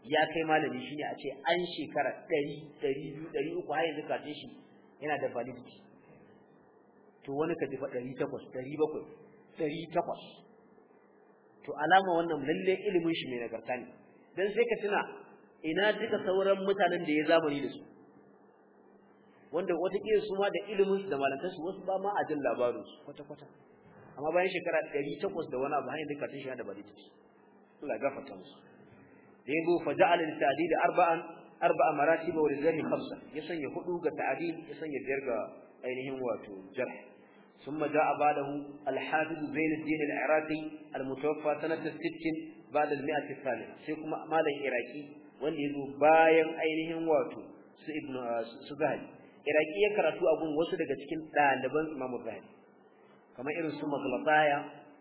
[SPEAKER 1] ya kai malami shine a ce an shekara 100 200 300 har yanzu shi yana da validity to wani ji fa 800 700 to alama wannan lalle ilimin shi mai nagarta ne dan sai ka tuna ina duka sauran mutanen da ya zamani da su wanda wata kiyar su ma da ilimin su da malantar su wasu ba ma a jin labarin su kwata kwata amma bayan shekara 800 da wani abu har yanzu kafin shi yana da validity Allah gafarta musu da yazo fa ja'ala al-ta'did arba'an arba'a maratib wa rizani khamsa ya sanya hudu ga ta'did ya sanya biyar ga ainihin wato jarh ثم جاء بعده الحافظ زين الدين العراقي المتوفى سنة الست بعد المئة الثانية سيكون مالا إراكي والذي باين أينهم واتو ابن سبهل iraqi ya karatu abun wasu daga cikin ɗaliban Imam Bukhari kamar irin su Maglataya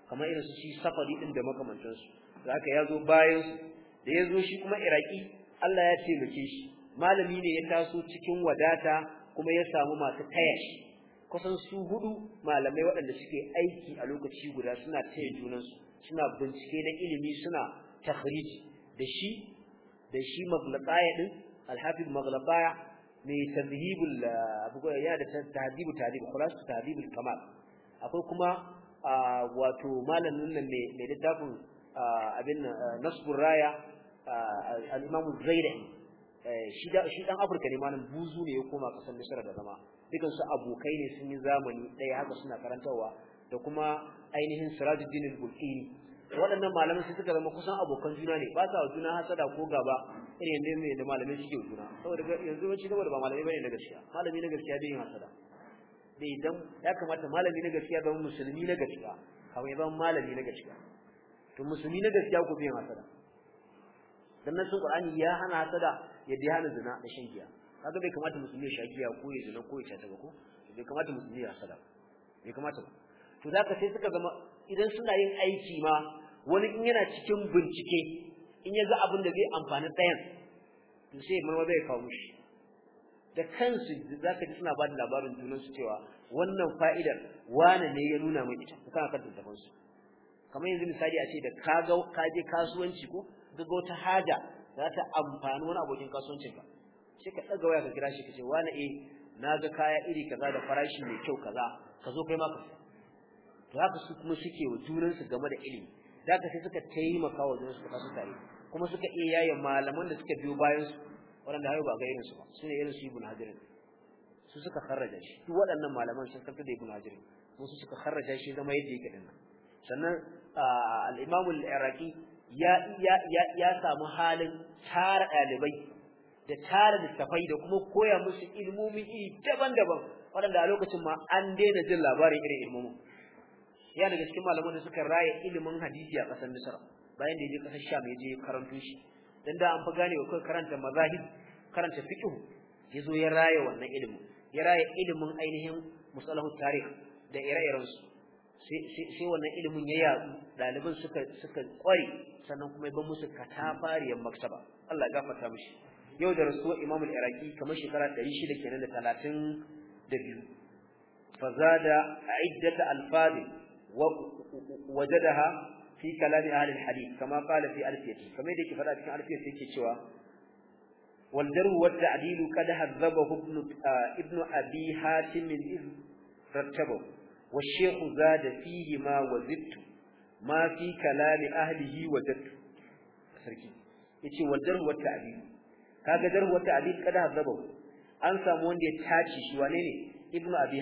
[SPEAKER 1] kamar irin su shi Safari din da makamantansu da yazo bayan da ya zo shi kuma iraki Allah ya taimake shi malami ne ya taso cikin wadata kuma ya samu masu taya shi kusan su hudu malamai waɗanda suke aiki a lokaci guda suna taya junansu suna bincike na ilimi suna takhriji da shi da shi maglataya din alhafiz maglataya mai tadhibul ya da kuma tadhib khulas tadhibul kamal akwai kuma wato malamin nan mai littafin abin nasbur raya al-imamu zaira'i shi dan afirka ne malam buzu ne ya koma kasan misra da zama dukan su abokai ne sun yi zamani ɗaya haka suna karantarwa da kuma ainihin sirajuddin al bukhari waɗannan malaman su suka zama kusan abokan juna ne ba sa juna hasada ko gaba irin yanda ne da malamai ke juna saboda yanzu wani shi saboda ba malamai bane na gaskiya malami na gaskiya bai yin hasada dai dan ya kamata malami na gaskiya ba musulmi na gaskiya kawai ban malami na gaskiya to musulmi na gaskiya ko bai yin hasada dan sun Qur'ani ya hana ta da ya ya hana zina da shan giya kaga bai kamata musulmi ya sha giya ko ya zina ko ya ta ba ko bai kamata musulmi ya sada bai kamata ba to zaka sai suka zama idan suna yin aiki ma wani in yana cikin bincike in ya ga abin da zai amfani ɗayan to sai marwa zai kawo mushi da kansu zaka ji suna ba da labarin junansu cewa wannan fa'idar wane ne ya nuna mai ita ko kana kan tattafansu kamar yanzu misali a ce da ka ga ka je kasuwanci ko kaga wata haja za ta amfani wani abokin kasuwancin ka sai ka daga waya ka kira shi ka ce wani eh na ga kaya iri kaza da farashi mai kyau kaza ka zo kai ma ka to haka su kuma suke wa junan su game da ilimi ka sai suka taimaka wa junan su ka su tare kuma suka iya yaye malaman da suka biyo bayan su waɗanda har ba ga irin su ba sune irin su ibn hajar su suka kharraja shi duk waɗannan malaman sun karɓi da ibn hajar su suka kharraja shi zama yadda yake dinnan sannan ah, al-imam al-iraqi ya ya ya samu halin tara dalibai da tara littafai da kuma koya musu ilmomi iri daban-daban waɗanda a lokacin ma an daina jin labarin irin ilmomin ya daga cikin malaman da suka raya ilimin hadisi a kasar Misr bayan da ya je ƙasar Sham ya je karanto shi dan da an fi gane kai karanta mazahib karanta fiqh yazo ya raya wannan ilimin ya raya ilimin ainihin musalahu tarikh da ire-irensu sai wannan ilimin ya yadu ɗaliban suka suka kware sannan kuma ban musu katafariyar maksaba Allah ya gafarta mishi yau da rasuwa Imam al-Iraqi kamar shekara 600 kenan da 32 fazada iddat alfadi wa wajadaha fi kalami ahli alhadith kama qala fi alfiyati kamar da yake faɗa cikin alfiyati yake cewa wal jarh wa ta'dil qad hadzabahu ibn ibn abi hatim iz rattabahu والشيخ زاد ما وزدت ما في كلام أهله وزدت سركي يتي wajar wa ta'dil kaga jar wa ta'dil kada hazabahu an samu wanda ya tace shi wane ne ibnu abi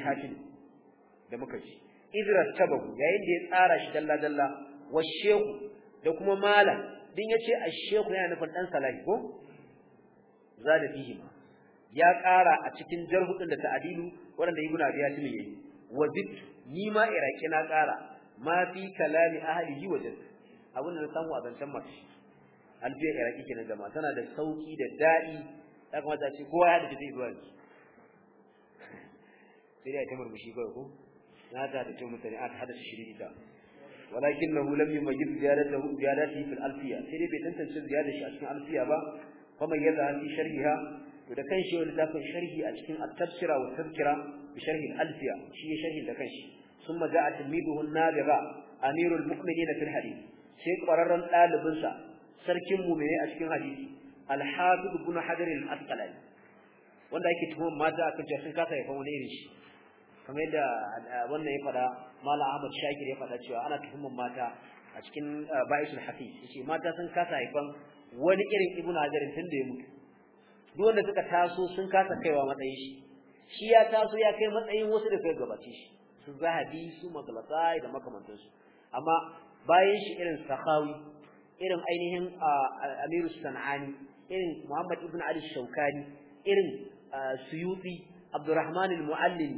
[SPEAKER 1] da muka ci idra tabahu yayin da ya tsara shi dalla dalla wa shehu da kuma malam din yace ashehu yana nufin dan ya ƙara a cikin jarhudin da ta'dilu wanda ibnu abi hatim yayi wa zittu ni ma iraki na ƙara ma fi kalami ahlihi wa jannah abin da samu a zancen mace alfiya iraki nan jama'a tana da sauki da daɗi ya kamata ce kowa ya dace zai zuwa ni sai dai ta murmushi kawai ko na ta da ce mutane aka hada shi shiri ita ولكنه لم يميز زيادته زيادته في الألفية سيري بتنتج زيادة أشكال ألفية با وما يذا في شرحها وده كان شيء اللي ذاك شرحي أشكال التبصرة والتذكرة بشرح الألفية شيء شرحي ده كان شيء ثم جاء تلميذه النابغة أمير المؤمنين في الحديث شيء قرر آل بنسا سركم مؤمنين أشكين حديث الحافظ بن حجر الأسقلاني wanda yake tuhon mata aka ce sun kasa yafa wani irin shi kamar yadda wannan ya fada malam Ahmad Shakir ya fada cewa ana tuhumin mata a cikin Ba'isul Hafiz yace mata sun kasa haifan wani irin Ibn Hajar tun da ya mutu duk wanda suka taso sun kasa kaiwa matsayin shi shi ya taso ya kai matsayin wasu da kai gabace shi su zahabi su maglazai da makamantansu amma bayan shi irin sakhawi irin ainihin amiru sanani irin muhammad ibn ali shaukani irin suyuti abdurrahman al-muallim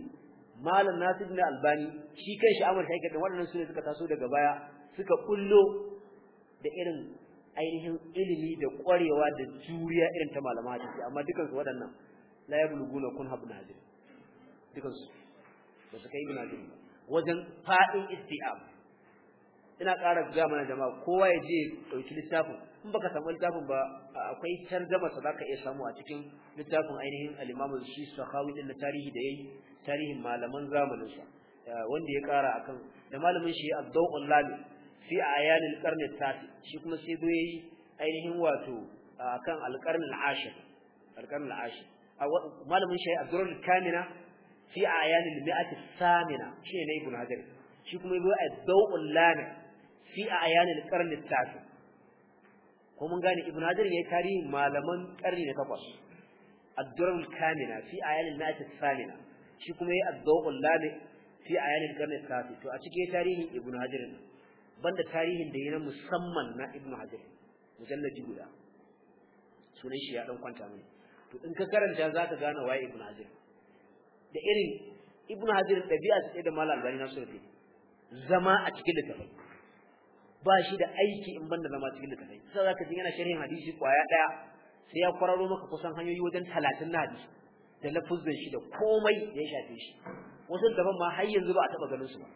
[SPEAKER 1] malam nasir ibn albani shi kan shi amurka yake da waɗannan sune suka taso daga baya suka kullo da irin ainihin ilimi da ƙwarewa da juriya irin ta malama amma dukansu waɗannan la yabluguna kun habna hadisi dukansu ba su kai ibn hazm wajen fa'in isti'ab ina ƙara ga mana jama'a kowa ya je dauki littafin in baka samu littafin ba akwai tarjuma sa zaka iya samu a cikin littafin ainihin al-Imam Al-Sakhawi din tarihi da yayi tarihin malaman zamanin sa eh, wanda ya ƙara akan da malamin shi Abdul dawul Lami fi ayan al-qarn al-tasi shi kuma sai zo yayi ainihin wato akan al-qarn al-ashir al-qarn al-ashir malamin shi Abdul Kamina fi ayanil mi'ati samina shi ne ibn hajar shi kuma yazo a dawul lana fi ayanil qarn tasi ko mun gane ibn hajar yayi tarihi malaman karni na takwas ad-durrul kamina fi ayanil mi'ati samina shi kuma yayi ad-dawul lana fi ayanil qarn tasi to a cikin tarihin ibn hajar banda tarihin da yana musamman na ibn hajar mujalladi guda sunan shi ya kwanta mini to in ka karanta zaka gane waye ibn hajar da irin ibnu hajar dabi'a sai da malal albani na surfi zama a cikin littafai ba shi da aiki in banda zama cikin littafai sai zaka ji yana sharhin hadisi kwaya ɗaya, sai ya kwararo maka kusan hanyoyi wajen talatin na hadisi da lafuzin shi da komai da ya shafe shi wasu daban ma har yanzu ba a taba ganin su ba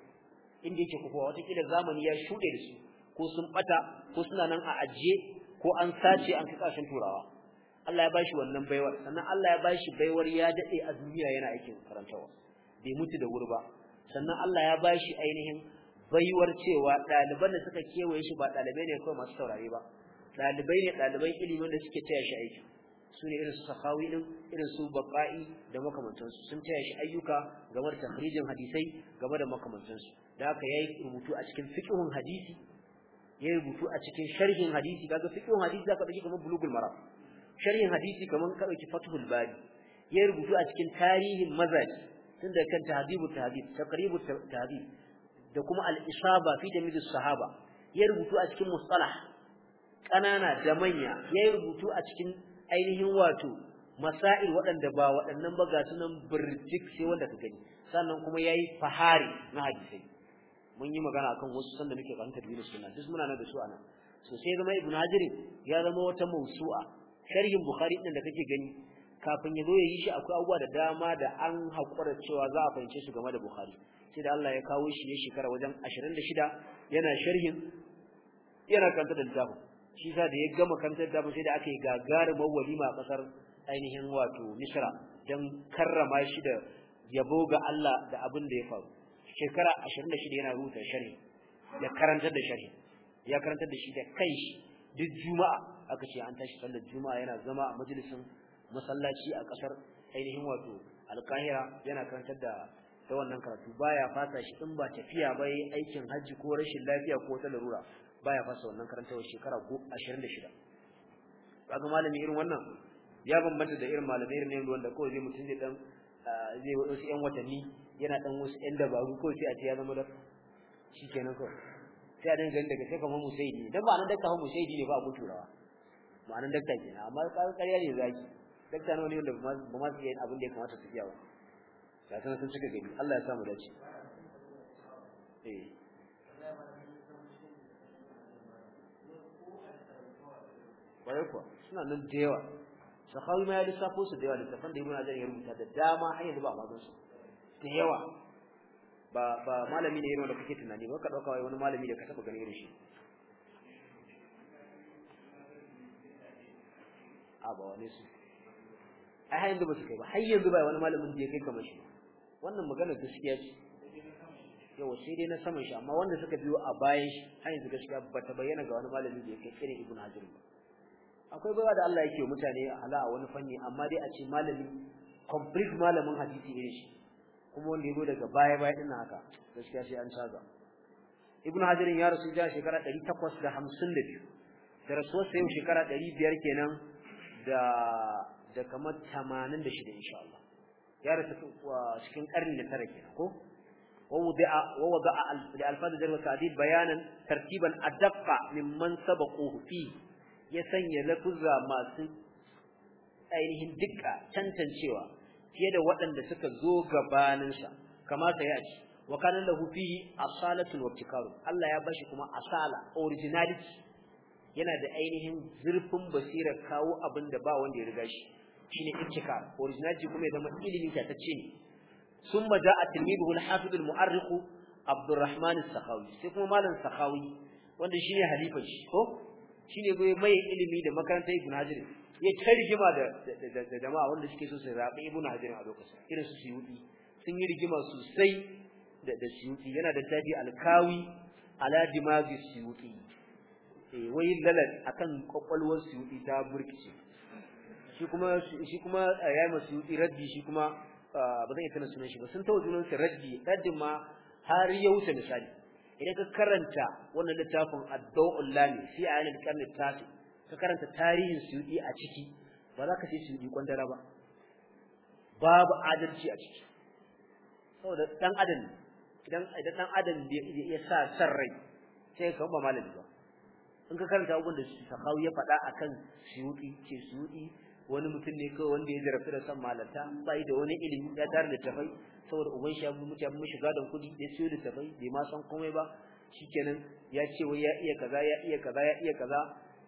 [SPEAKER 1] inda yake kuwa wata kila zamani ya shuɗe da su ko sun bata ko suna nan a ajiye ko an sace an kasashen turawa Allah ya bashi wannan baiwar sannan Allah ya bashi baiwar ya dade a duniya yana aikin karantawa bai mutu da wuri ba sannan Allah ya bashi ainihin baiwar cewa ɗaliban da suka kewaye shi ba ɗalibai ne kawai masu saurare ba ɗalibai ne ɗaliban ilimin da suke taya shi aiki su ne irin su sakawi din irin su baqa'i da makamantansu sun taya shi ayyuka game da tahrijin hadisai game da makamantansu da haka ya rubutu a cikin fiƙihun hadisi ya rubutu a cikin sharhin hadisi kaga fiƙihun hadisi za ka ɗauki kamar bulugul maram sharhin hadisi kaman ka dauki fathul bari ya rubutu a cikin tarihin mazaji tun da kan tahdibu tahdib taqribu tahdib da kuma al-isaba fi jami'i sahaba ya rubutu a cikin mustalah kanana da manya ya rubutu a cikin ainihin wato masail waɗanda ba waɗannan ba ga sunan birjik sai wanda ka gani sannan kuma yayi fahari na hadisi mun yi magana akan wasu sanda muke fahimtar dinin sunna duk muna nan da su anan so sai zama ibnu hajar ya zama wata mausu'a sharhin bukhari din da kake gani kafin ya zo ya yi shi akwai abubuwa da dama da an haƙura cewa za a fahimce su game da bukhari sai da Allah ya kawo shi ne shekara wajen 26 yana sharhin yana kanta da littafin shi sa da ya gama kanta da sai da aka yi gagarumar walima a kasar ainihin wato Misra dan karrama shi da yabo ga Allah da abin da ya faru shekara 26 yana rubuta sharhi ya karantar da sharhi ya karantar da shi da kai duk juma'a aka ce an tashi sallar juma'a yana zama a majalisin masallaci a kasar ainihin wato alkahira yana karantar da ta wannan karatu baya fasa shi in ba tafiya ba yi aikin hajji ko rashin lafiya ko ta larura baya fasa wannan karantawar shekara ko 26 kaga malami irin wannan ya bambanta da irin malamai yanzu wanda kawai zai mutum zai dan zai wasu yan watanni yana dan wasu yan dabaru kawai sai a ce ya zama da kenan kawai sai a dinga ganin daga sai kamar musaidi dan ba nan da musaidi ne ba a kuturawa ma'anan dakta na amma kaga ƙarya ne zaki dakta ne wanda ba ma su yi abin da ya kamata su yi ga sanan sun cika gani Allah ya samu dace eh kwarai kuwa suna nan da yawa sahawi ma ya lissafo su da yawa littafan da ibn hajar ya rubuta da dama hanyar da ba ma su da yawa ba ba malami ne irin wanda kake tunani ba ka dauka wai wani malami da ka taba ganin irin shi a ba wane su ai har yanzu ba su kai ba har yanzu ba wani malamin da ya kai kamar shi wannan magana gaskiya ce yawa sai dai na saman shi amma wanda suka biyo a bayan shi har yanzu gaskiya ba ta bayyana ga wani malami da ya kai irin ibn hajar ba akwai bawa da Allah yake mutane ala a wani fanni amma dai a ce malami complete malamin hadisi ne shi kuma wanda ya zo daga baya baya din haka gaskiya sai an caza ibn hajar ya rasu ja shekara 852 da rasuwar sai yau shekara 500 kenan da da kamar 86 insha Allah ya rasu cikin karni da tare kenan ko da ووضع لألفاظ الجر bayanan tartiban ترتيبا أدق ممن سبقوه fi ya sanya ما masu ainihin dukka tantancewa fiye da waɗanda suka zo sa kamata ta ce, wa kana lahu fihi asalatul wabtikaru Allah ya bashi kuma asala originality yana da ainihin zurfin basira kawo abin da ba wanda ya riga shi shine original ji kuma ya zama ilimi ta tace ne summa ja'a tilmiduhu al-hafiz al-mu'arrikh Abdurrahman al-Sakhawi sai kuma malam Sakhawi wanda shine halifan shi ko shine goye mai ilimi da makarantar Ibn Hajar ya ta rigima da da jama'a wanda suke so su rabi Ibn Hajar a lokacin irin su Suyuti sun yi rigima sosai da da Suyuti yana da tabi al-Kawi ala dimazi Suyuti Eh, wai lalal akan kwakwalwar suyuti ta burkice shi kuma shi kuma masu eh, masuyuti raddi shi kuma eh, ba zan zai tana sunan shi ba sun tawo sunan sa raddi raddin ma har ya wuce misali idan ka karanta wannan littafin addu'ul dawul lami fi ayyul karni tasi ka karanta tarihin suyuti a ciki ba za ka sai suyuti kwandara ba babu adalci a ciki saboda dan adam idan ɗan dan adam bai iya sa san rai sai ka ba malami ba in ka karanta abin da sakawi ya faɗa akan suyuti ce suyuti wani mutum ne kawai wanda ya jarabta da san malanta bai da wani ilimi ya tare da tafai saboda uban shi ya mutum mun shiga da kudi ya siyo da tafai bai ma san komai ba shikenan ya ce wai ya iya kaza ya iya kaza ya iya kaza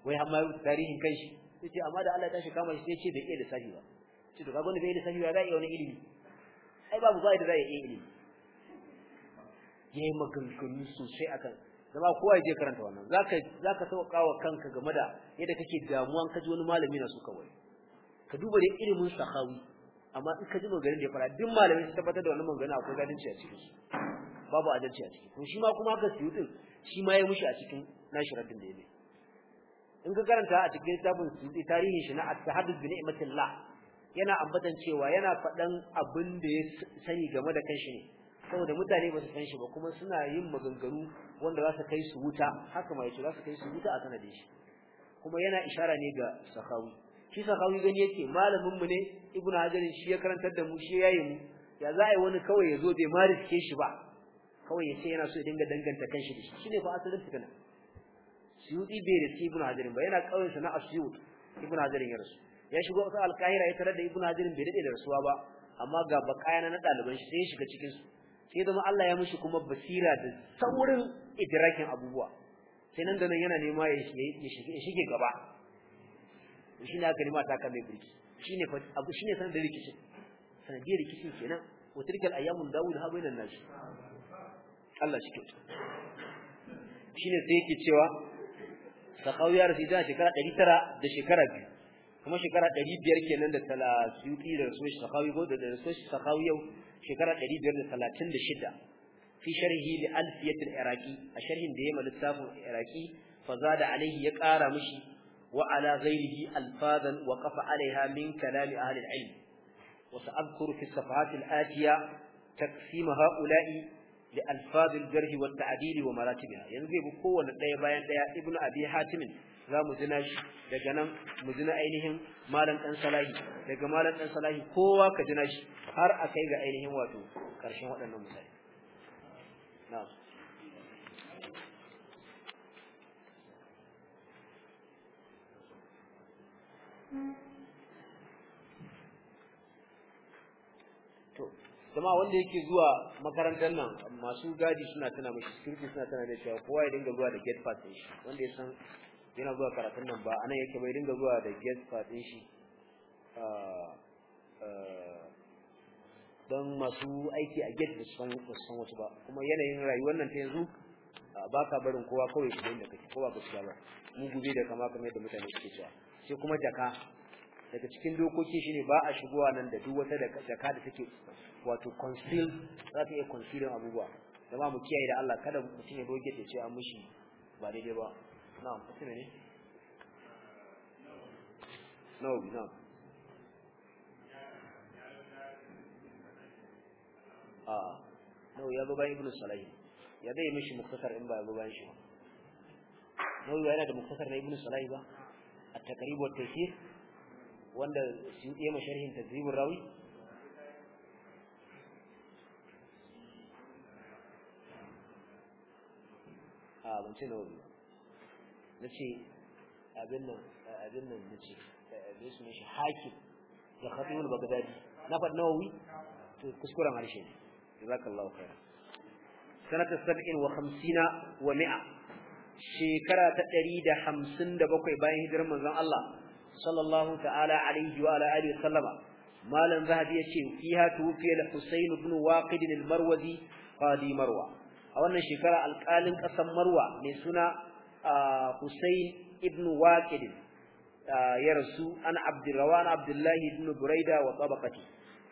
[SPEAKER 1] wai har ma tarihin kai shi yace amma da Allah ya tashi kama shi sai ce bai iya lissafi ba ce to kaga wanda bai iya lissafi ba za iya wani ilimi ai babu ba da zai iya ilimi yayi maganganu sosai akan zama kowa je karanta wannan zaka zaka sauka kanka game da yadda kake damuwan kaji wani malami na su kawai ka duba da ilimin sahawi amma in ka ji maganar da ya fara duk malamai su tabbatar da wannan magana akwai gadinci a cikin babu adalci a ciki to shi ma kuma haka su din shi ma ya mushi a cikin nashi raddin da yake in ka karanta a cikin littafin su tarihin shi na at-tahaddud bi ni'matillah yana ambatan cewa yana fadan abin da ya sani game da kanshi ne saboda mutane ba su san shi ba kuma suna yin maganganu wanda za su kai su wuta haka mai za su kai su wuta a sanade shi kuma yana ishara ne ga sahawi shi sahawi gani yake malamin mu ne ibnu hajar shi ya karantar da mu shi yayi mu ya za a yi wani kawai ya zo bai ma shi ba kawai ya ce yana so ya dinga danganta kanshi da shi shine fa asalin kana suyuti bai su ibnu hajar ba yana kawai sana suyuti ibnu hajar ya rasu ya shigo ƙasar alkahira ya tarar da ibnu hajar bai dade da rasuwa ba amma ga bakayana na ɗaliban shi sai ya shiga cikin su sai zama Allah ya mishi kuma basira da saurin idrakin abubuwa sai nan da nan yana nema ya shige gaba shi ne aka nema ta kan mai birki shi ne abu shi ne sanadin rikicin Sanadiyar rikicin kenan wa tilkal ayyamun dawud ha bainan nas Allah shi kyautu shi ne sai yake cewa sakau ya rasu da shekara 900 da shekara biyu kuma shekara 500 kenan da talasiyuki da shi sakawi ko da shi sakawi yau shekara 536 fi sharhi li alfiyat al-iraqi a sharhin da yayi littafin iraqi fa zada alaihi ya ƙara mishi wa ala ghairihi alfadan wa qafa alaiha min kalam ahli al-ilm wa sa'adhkuru fi as-safahat al-atiya taqsim ha'ula'i لألفاظ الجرح والتعديل ومراتبها يعني زي بكون داي باين داي ابن ابي حاتم za mu ji nashi daga nan mu ji ainihin malam dan salahi daga malam dan salahi kowa ka ji nashi har a kai ga ainihin wato karshen waɗannan misali na'am to zama wanda yake zuwa makarantar nan masu gadi suna tana mai security suna tana da cewa kowa ya dinga zuwa da gate pass shi wanda ya san yana zuwa karatun nan ba anan yake bai dinga zuwa da guest pass din shi ah, ah, don masu aiki a get da san san wasu ba kuma yanayin rayuwar nan ta yanzu ba ka barin kowa kawai shi da kake kowa su ba mu gube da kama kamar yadda mutane suke cewa sai kuma jaka daga cikin dokoki shine ba a shigowa nan da duk wata jaka da take wato conceal za ta iya concealing abubuwa ba mu kiyaye da Allah kada mutum ya doge ta ce an mishi ba daidai ba نعم اسمعني إيه؟ نوبي نعم،, نعم آه نو نعم، يا بابا ابن الصلاحي يا دي مش مختصر إن بابا إن شاء الله نووي نعم، أنا ده مختصر ابن الصلاحي با التقريب والتيسير وند سيدي يما شرح تدريب الراوي آه بنسي نوبي na ce abin nan abin nan na ce da su shi hakim da khatibul bagdadi na faɗi nawawi to kuskuren harshe ne jazakallahu khairan sanata 57 wa 100 shekara ta 157 bayan hijirar manzon Allah sallallahu ta'ala alaihi wa ala alihi sallama malam zahabi yace fiha tufiya al-husayn ibn waqid al-marwazi qadi marwa a wannan shekara alƙalin ƙasar marwa mai suna Hussein ibn Waqid ya rasu an Abdurrahman Abdullahi ibn Buraida wa tabaqati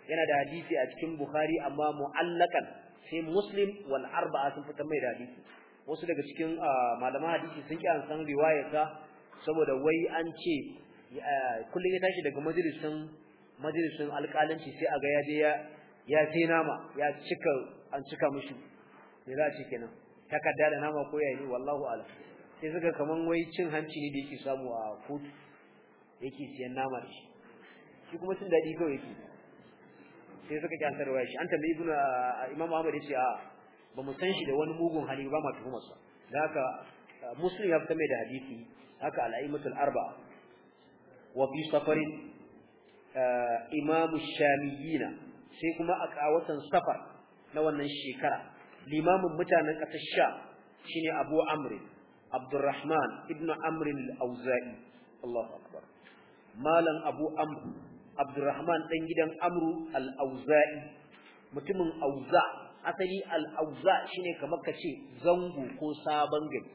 [SPEAKER 1] yana da hadisi a cikin Bukhari amma mu'allakan sai Muslim wal arba'a sun fitar mai da hadisi wasu daga cikin malaman hadisi sun kiyan san riwayata saboda wai an ce kullum ya tashi daga majalisin majalisin alƙalanci sai a ga ya je ya ya sai nama ya cika an cika mishi me za a ce kenan takarda da nama ko yayi wallahu a'lam sai suka kaman wai cin hanci ne da yake samu a food yake siyan nama da shi shi kuma cin daɗi kawai yake sai suka kyantar wa shi an tambayi ibnu imam ya ce a ba mu san shi da wani mugun hali ba ma tafi da haka muslim ya fita mai da hadisi haka alaimatul arba wa fi safarin imamu shamiyina sai kuma a kawatan safar na wannan shekara limamin mutanen ƙasar sha shine abu amr Abdurrahman ibn Amr al-Auza'i Allahu akbar Malam Abu Amr Abdurrahman gidan Amru al-Auza'i mutumin Auza asali al-Auza shine kamar kace zango ko sabon gari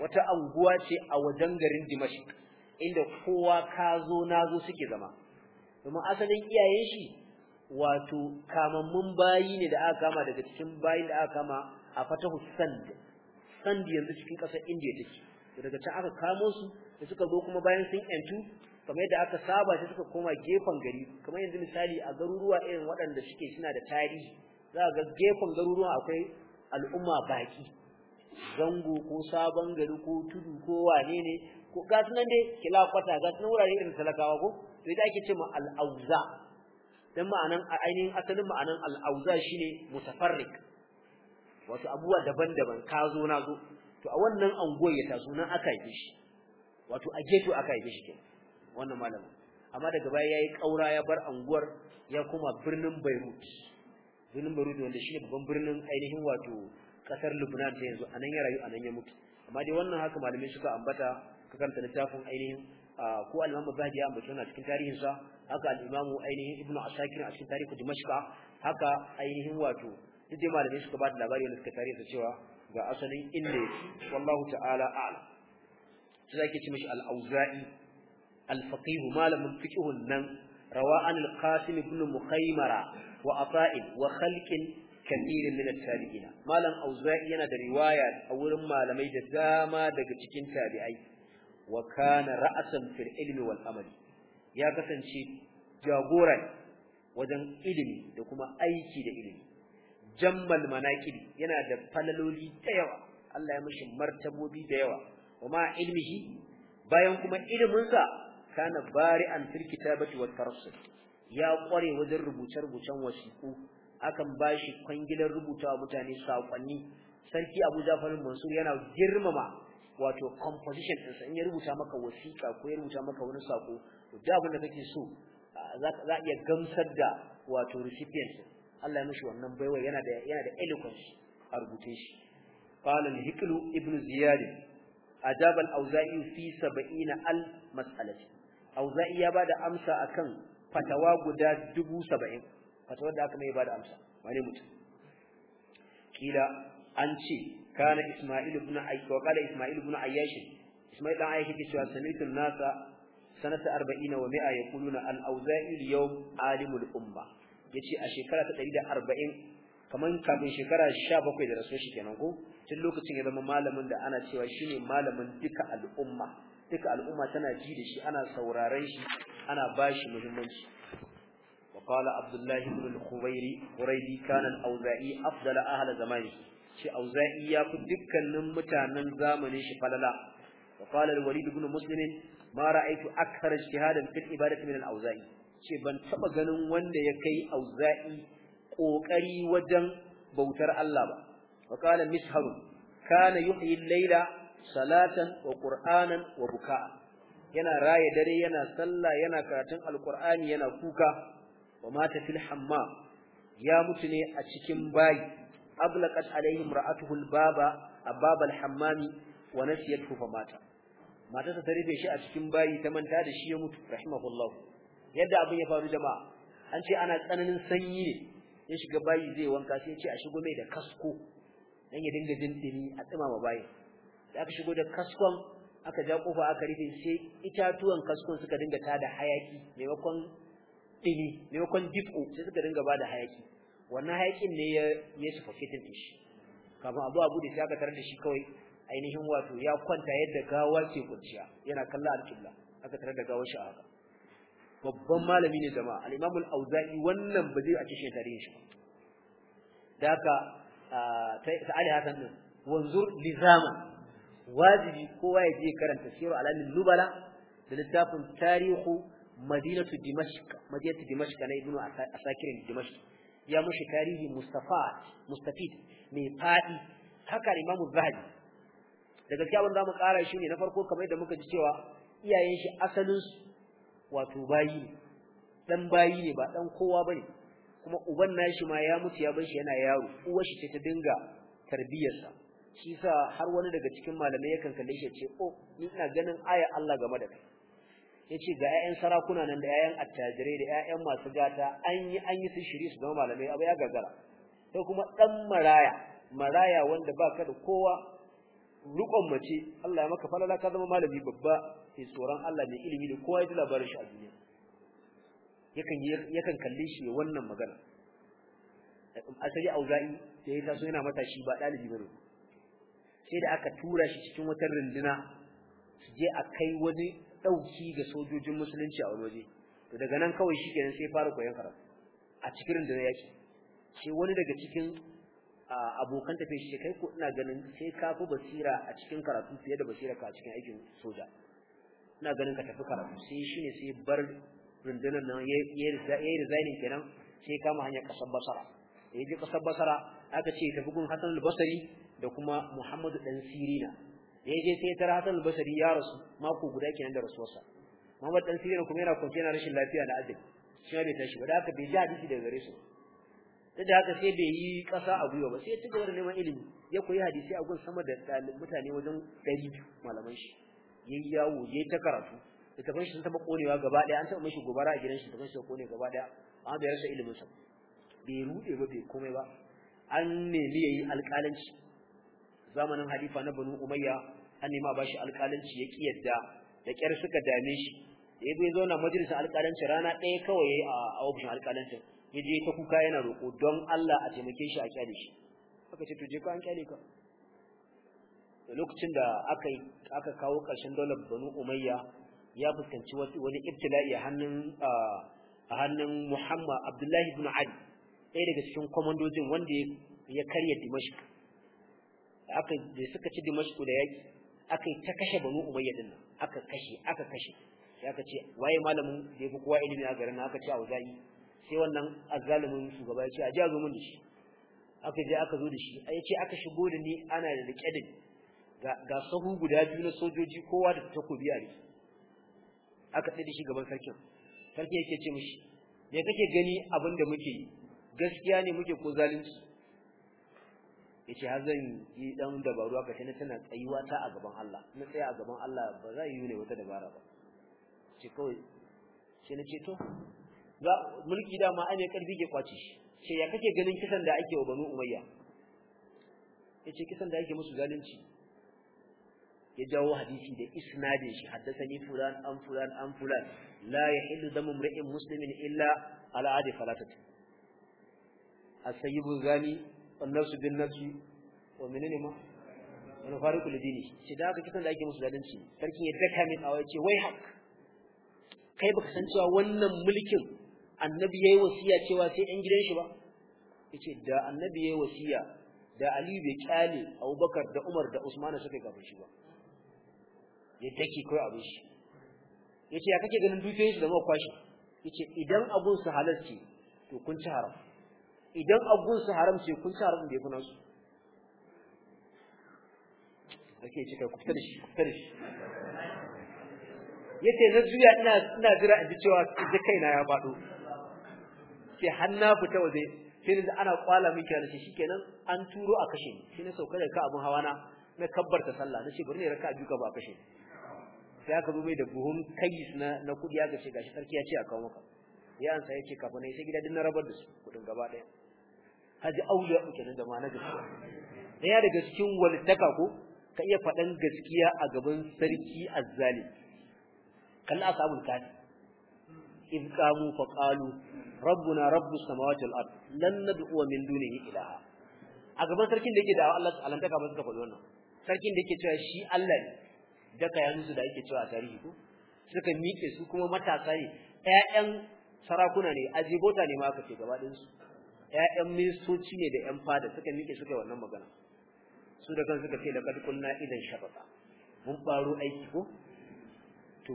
[SPEAKER 1] wata anguwa ce a wajen garin Dimashq inda kowa ka zo na zo suke zama Dama asalin iyayen shi wato kamammun bayi ne da aka kama daga cikin bayin da aka kama a fatahu sand sandi yanzu cikin kasar India take daga ta aka kamo su da suka zo kuma bayan sun yantu kamar yadda aka saba sai suka koma gefen gari kamar yanzu misali a garuruwa irin waɗanda suke suna da tarihi za ga gefen garuruwa akwai al'umma baki zango ko sabon gari ko tudu ko wane ne ko ga sunan dai kilafata ga sunan wurare irin talakawa ko to idan ake ce ma al'auza dan ma'anan ainihin asalin ma'anan al'auza shine mutafarrik wato abubuwa daban-daban ka zo na zo to a wannan anguwar ya taso nan aka yi shi wato a geto aka yi shi kenan wannan malamin amma daga baya yayi kaura ya bar anguwar ya koma birnin Beirut birnin Beirut wanda shine babban birnin ainihin wato kasar Lebanon ta yanzu anan ya rayu anan ya mutu amma dai wannan haka malamai suka ambata ka kanta littafin ainihin ko al-Imam Bahdi ya ambata cikin tarihin sa haka al-Imam ainihin Ibn Asakir a cikin tarihi Dimashq haka ainihin wato duk dai malamai suka ba da labari wanda suka tare su cewa ga asalin inda wallahu ta'ala a'lam sai zaki ci mishi al-auza'i al-faqih malamin fiqhun nan rawa an al-qasim ibn mukhaymara wa ata'ib wa khalqin kathirin min at-tabi'in malam auza'i yana da riwaya a wurin malamai da dama daga cikin tabi'ai wa kana ra'san fil ilmi wal amali ya kasance jagora wajen ilimi da kuma aiki da ilimi jammal manaqibi yana da falaloli ta yawa Allah ya mishi martabobi da yawa kuma ilmihi bayan kuma sa kana an fil kitabati wa tarassul ya kware wajen rubuce rubucen wasiku akan bashi rubuta wa mutane sakonni sarki Abu Ja'far Mansur yana girmama wato composition sa in ya rubuta maka wasiƙa ko ya rubuta maka wani sako to da abin da kake so za iya gamsar da wato recipient Allah ya mishi wannan baiwa yana da yana da eloquence a rubuce shi qala al-hikl ibn ziyad ajaba al-auza'i fi 70 al mas'alati auza'i ya bada amsa akan fatawa guda 70 fatawa da aka mai bada amsa wani mutum kila an ce kana isma'il ibn ayyash wa qala isma'il ibn ayyash isma'il dan ayyash ke cewa nasa sanata 40 wa 100 yaquluna al-auza'i al-yawm alimul ummah Ya ce a shekara ta ɗari arba'in kamar kafin shekara 17 da raso shi kenan ko tun lokacin ya zama malamin da ana cewa shine malamin duka al'umma duka al'umma tana ji da shi ana sauraron shi ana bashi muhimmanci wa qala abdullahi ibn al-khuwairi quraidi kana al-awza'i afdal ahli zamani shi awza'i ya fi dukkanin mutanen zamani shi falala wa qala al-walid ibn muslim ma ra'aytu akthar ijtihadan fi ibadati min al-awza'i ce ban taɓa ganin wanda ya kai auza'i ƙoƙari wajen bautar Allah ba wa qala misharu kana yuhyi al-laila salatan wa qur'anan wa buka yana raya dare yana sallah yana karatun Alƙur'ani, yana kuka wa mata fil hamma ya mutu ne a cikin bayi ablaqat alaihim ra'atuhu al-baba abab al-hammami wa nasiyatuhu fa mata matarsa ta rufe shi a cikin bayi ta manta da shi ya mutu rahimahullahu yadda abin ya faru jama'a an ce ana tsananin sanyi ne ya shiga bayi zai wanka sai ya ce a shigo mai da kasko dan ya dinga jin a tsima bayi da aka shigo da kaskon aka ja kofa aka rufe sai itatuwan kaskon suka dinga tada hayaki maimakon dini maimakon diko sai suka dinga bada hayaki wannan hayakin ne ya ya su fitin shi kafin abu abu da sai aka tarar da shi kawai ainihin wato ya kwanta yadda gawa ce kwanciya, yana kallon alƙibla aka tarar da gawar shi a haka babban malami ne jama'a al-Imam al-Auza'i wannan ba zai a cikin tarihin shi da haka ta Ali Hasan din wanzur lizama wajibi kowa ya je karanta Sirru Alamin Nubala da littafin tarihu Madinatu Dimashq Madinatu Dimashq na Ibn Asakir Dimashq ya mushi tarihi Mustafa Mustafid mai fadi haka Imam Zahabi da gaskiya ban za mu kara shi ne na farko kamar yadda muka ji cewa iyayen shi asalin su wato bayi dan bayi ne ba dan kowa bane kuma uban nashi ma ya mutu ya bar shi yana yaro uwar shi ce ta dinga tarbiyarsa shi sa har wani daga cikin malamai yakan kalle shi ce oh ni ina ganin aya Allah game da kai yace ga 'ya'yan sarakuna nan da 'ya'yan attajirai da 'ya'yan masu gata an yi an yi su shiri su zama malamai abu ya gagara sai kuma dan maraya maraya wanda baka da kowa rukon mace Allah ya maka falala ka zama malami babba Sai tsoron Allah mai ilimi da kowa ya ji labarin shi a duniya yakan yakan kalle shi wannan magana asali auza'i da ya taso yana matashi ba dalibi bane sai da aka tura shi cikin wata runduna su je a kai wani dauki ga sojojin musulunci a wani waje to daga nan kawai shi kenan sai fara koyon karatu a cikin rundunar yaki sai wani daga cikin abokan tafiya shi kai ko ina ganin sai ka fi basira a cikin karatu fiye da basira ka a cikin aikin soja ina ganin ka tafi karatu sai shi ne sai bar rundunar nan ya yi resigning kenan sai kama hanyar kasar basara da ya je kasar basara aka ce tafi gun hassan albasari da kuma muhammadu dan sirina da ya je sai tara hassan albasari ya rasu mako guda kenan da rasuwarsa muhammadu dan sirina kuma yana kwanci yana rashin lafiya da azumi shi bai tashi ba da aka bai ji hadisi daga gare su da haka sai bai yi ƙasa a gwiwa ba sai ya ci gaba da neman ilimi ya koyi hadisi a gun sama da mutane wajen ɗari malaman shi yayi yawo yayi ta karatu littafin shi sun taɓa konewa gaba daya an taɓa mashi gobara a gidan shi littafin shi kone gaba daya amma bai rasa ilimin sa bai ruɗe ba bai komai ba an nemi yayi alƙalanci zamanin halifa na banu umayya an nema ba shi alƙalanci ya ƙi yadda da ƙyar suka dame shi da ya zo na majalisar alƙalanci rana ɗaya kawai yayi a ofishin alƙalancin yaje ta kuka yana roƙo don Allah a taimake shi a kyale shi aka ce to je ka an kyale ka lokacin da aka aka kawo ƙarshen daular banu umayya ya fuskanci wani ibtila'i a hannun a hannun muhammad abdullahi ibn ali ɗaya daga cikin kwamandojin wanda ya karya dimashq aka da suka ci dimashq da yaki aka ta kashe banu umayya din nan aka kashe aka kashe sai aka ce waye malamin da yafi kowa ilimi a garin aka ce a wazai sai wannan azzalumin shugaba ya ce a ji a zo mun da shi aka je aka zo da shi ya ce aka shigo da ni ana da riƙe da ni ga sahu guda biyu na sojoji kowa da takobi a rike aka tsaye shi gaban sarkin sarki yake ce mishi me kake gani abin da muke yi gaskiya ne muke ko zalunci yace har zan yi dan dabaru aka tana tana tsayuwa ta a gaban Allah na tsaya a gaban Allah ba za yi ne wata dabara ba ce kawai sai na ce to ga mulki da ma ai ne karfi ke kwace shi ce ya kake ganin kisan da ake wa banu umayya yace kisan da ake musu zalunci ya jawo hadisi da isnadin shi haddathani fulan an fulan an fulan la yahillu damu imri'in muslimin illa ala adi falatat as-sayyibu zani wan nafsu bin nafsi wa menene ma wani fariqul dini shi da aka kisan da ake musu zalunci sarkin ya daka min a wace wai hak kai baka san cewa wannan mulkin annabi yayi wasiya cewa sai ɗan gidan shi ba yace da annabi yayi wasiya da Ali bai kyale Abubakar da Umar da Usman suka gabashi ba ya take kai abin shi yace ya kake ganin dukiyoyin shi da muka kwashi yace idan abun su halal ce to kun ci haram idan abun su haram ce kun ci haram da yafi nasu ake ci kai kufta da shi kufta da shi yace na juya ina ina jira in ji cewa da kaina ya faɗo sai har fita waje sai da ana kwala min kira shi shikenan an turo a kashe ni sai na sauka daga abun hawa na kabbarta sallah ce bari ne raka'a biyu ka ba kashe ni sai aka zo mai da buhun kayis na na kudi aka ce gashi sarki ya ce a kawo maka ya ansa yake kafa ne sai gida na rabar da su kudin gaba daya haji auliya ku nan da ma na gaskiya ya daga cikin waltaka ko ka iya faɗan gaskiya a gaban sarki azzali kalla asabul kafi in qamu fa qalu rabbuna rabbus samawati wal ard lan nad'u min dunihi ilaha a gaban sarkin da yake da Allah ta'ala ta ka ba suka faɗi wannan sarkin da yake cewa shi Allah ne daka yanzu da ake cewa a tarihi ko suka miƙe su kuma matasa ne ƴaƴan sarakuna ne ajibota ne ma kace gaba din su ƴaƴan ministoci ne da ƴan fada suka miƙe suka yi wannan magana su da kansu suka ce da kad kunna idan shabaka mun faru aiki ko to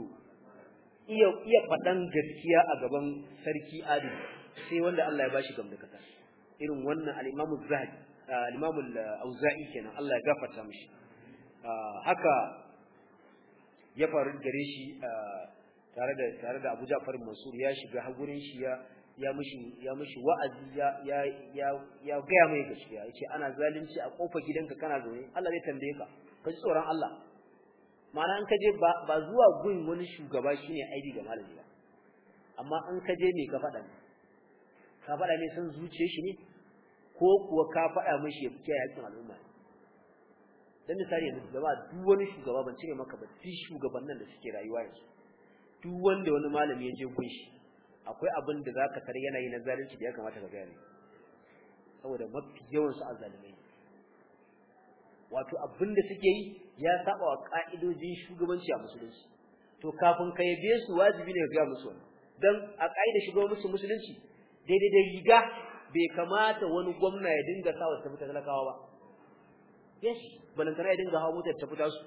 [SPEAKER 1] iya iya faɗan gaskiya a gaban sarki adi sai wanda Allah ya bashi gamdakata irin wannan al-imamu zahid al-imamu al-auza'i kenan Allah ya gafarta mishi ah, haka ya faru gare shi tare da tare da Abu Ja'far Mansur ya shiga gurin shi ya ya mishi ya mishi wa'azi ya ya ya ya mai gaskiya yace ana zalunci a kofar gidanka kana zaune Allah zai tambaye ka ka ji tsoron Allah ma'ana in ka je ba zuwa gun wani shugaba shine aibi ga malami ba amma in ka je me ka faɗa ne ka faɗa ne san zuciye shi ne ko kuwa ka faɗa mishi ya fice yakin al'umma ne dan misali yanzu gaba duk wani shugaba ban cire maka ba duk shugabannin da suke rayuwa yanzu duk wanda wani malami ya je gun shi akwai abin da zaka tar yanayi na zalunci da ya kamata ka gane saboda mafi yawan su azalimai wato abin da suke yi ya saba wa ka'idojin shugabanci a musulunci to kafin ka yabe su wajibi ne ka ga musu dan a ka'ida shugaban musu musulunci daidai da riga bai kamata wani gwamna ya dinga sa wa talakawa ba yes balantana ya dinga hawo motar ta fita su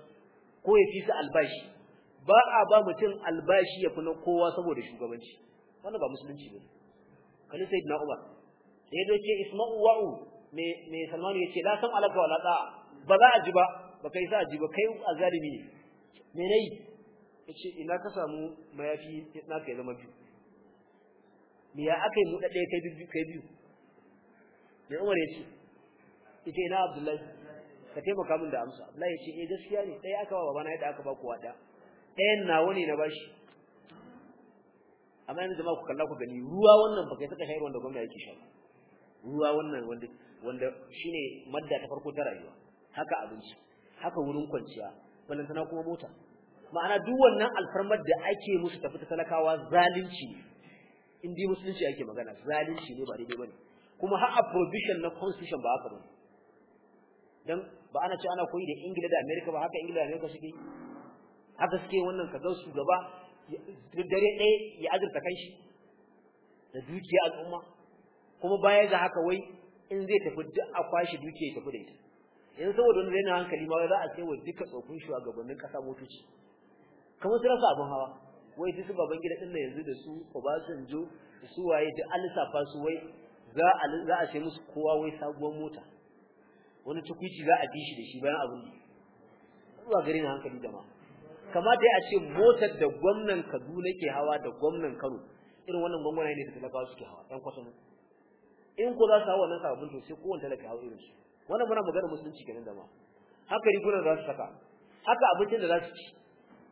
[SPEAKER 1] ko ya fi su albashi ba a ba mutum albashi ya fi kowa saboda shugabanci wannan ba musulunci ba kalli sai na umar da ya zo ce isma'u wa'u mai salmanu ya ce la san alaka wala da ba za a ji ba ba kai sa a ji ba kai a ne me nayi yace ina ka samu mayafi na kai zama biyu me ya aka yi mu ɗaɗɗaya kai biyu kai biyu mai umar ya ce ita ina abdullahi ka taimaka min da amsa Abdullahi ya ce eh gaskiya ne sai aka ba babana yadda aka ba ku wada ɗayan na ne na bashi amma yanzu ma ku kalla ku gani ruwa wannan ba kai saka shayar wanda gwamnati yake sha ruwa wannan wanda wanda shine madda ta farko ta rayuwa haka abinci haka wurin kwanciya balantana kuma mota ma'ana duk wannan alfarmar da ake musu tafi ta talakawa zalunci ne in dai musulunci ake magana zalunci ne ba daidai bane kuma har a provision na constitution ba haka ba dan ba ana ce ana koyi da ingila da amerika ba haka ingila da amerika suke haka suke wannan ka su shugaba dare ɗaya ya azurta kanshi da dukiya al'umma kuma baya ga haka wai in zai tafi duk a kwashe dukiya ya tafi da ita yanzu saboda wani raina hankali ma za a sai wa duka tsofin shugabannin kasa motoci kamar su rasa abin hawa wai su baban gida din yanzu da su Obasanjo da su waye duk an lissafa su wai za a za a sai musu kowa wai sabuwar mota wani tukuici za a bi shi da shi bayan abin zuwa gari na hankali kama kamata ya ce motar da gwamnan Kaduna ke hawa da gwamnan Kano irin wannan gwamnan ne da talakawa suke hawa ɗan kwasan in ko za su hawa wannan sababbin to sai kowanne talaka hawa irin su wannan muna magana musulunci kenan ma. haka rigunan za su saka haka abincin da za su ci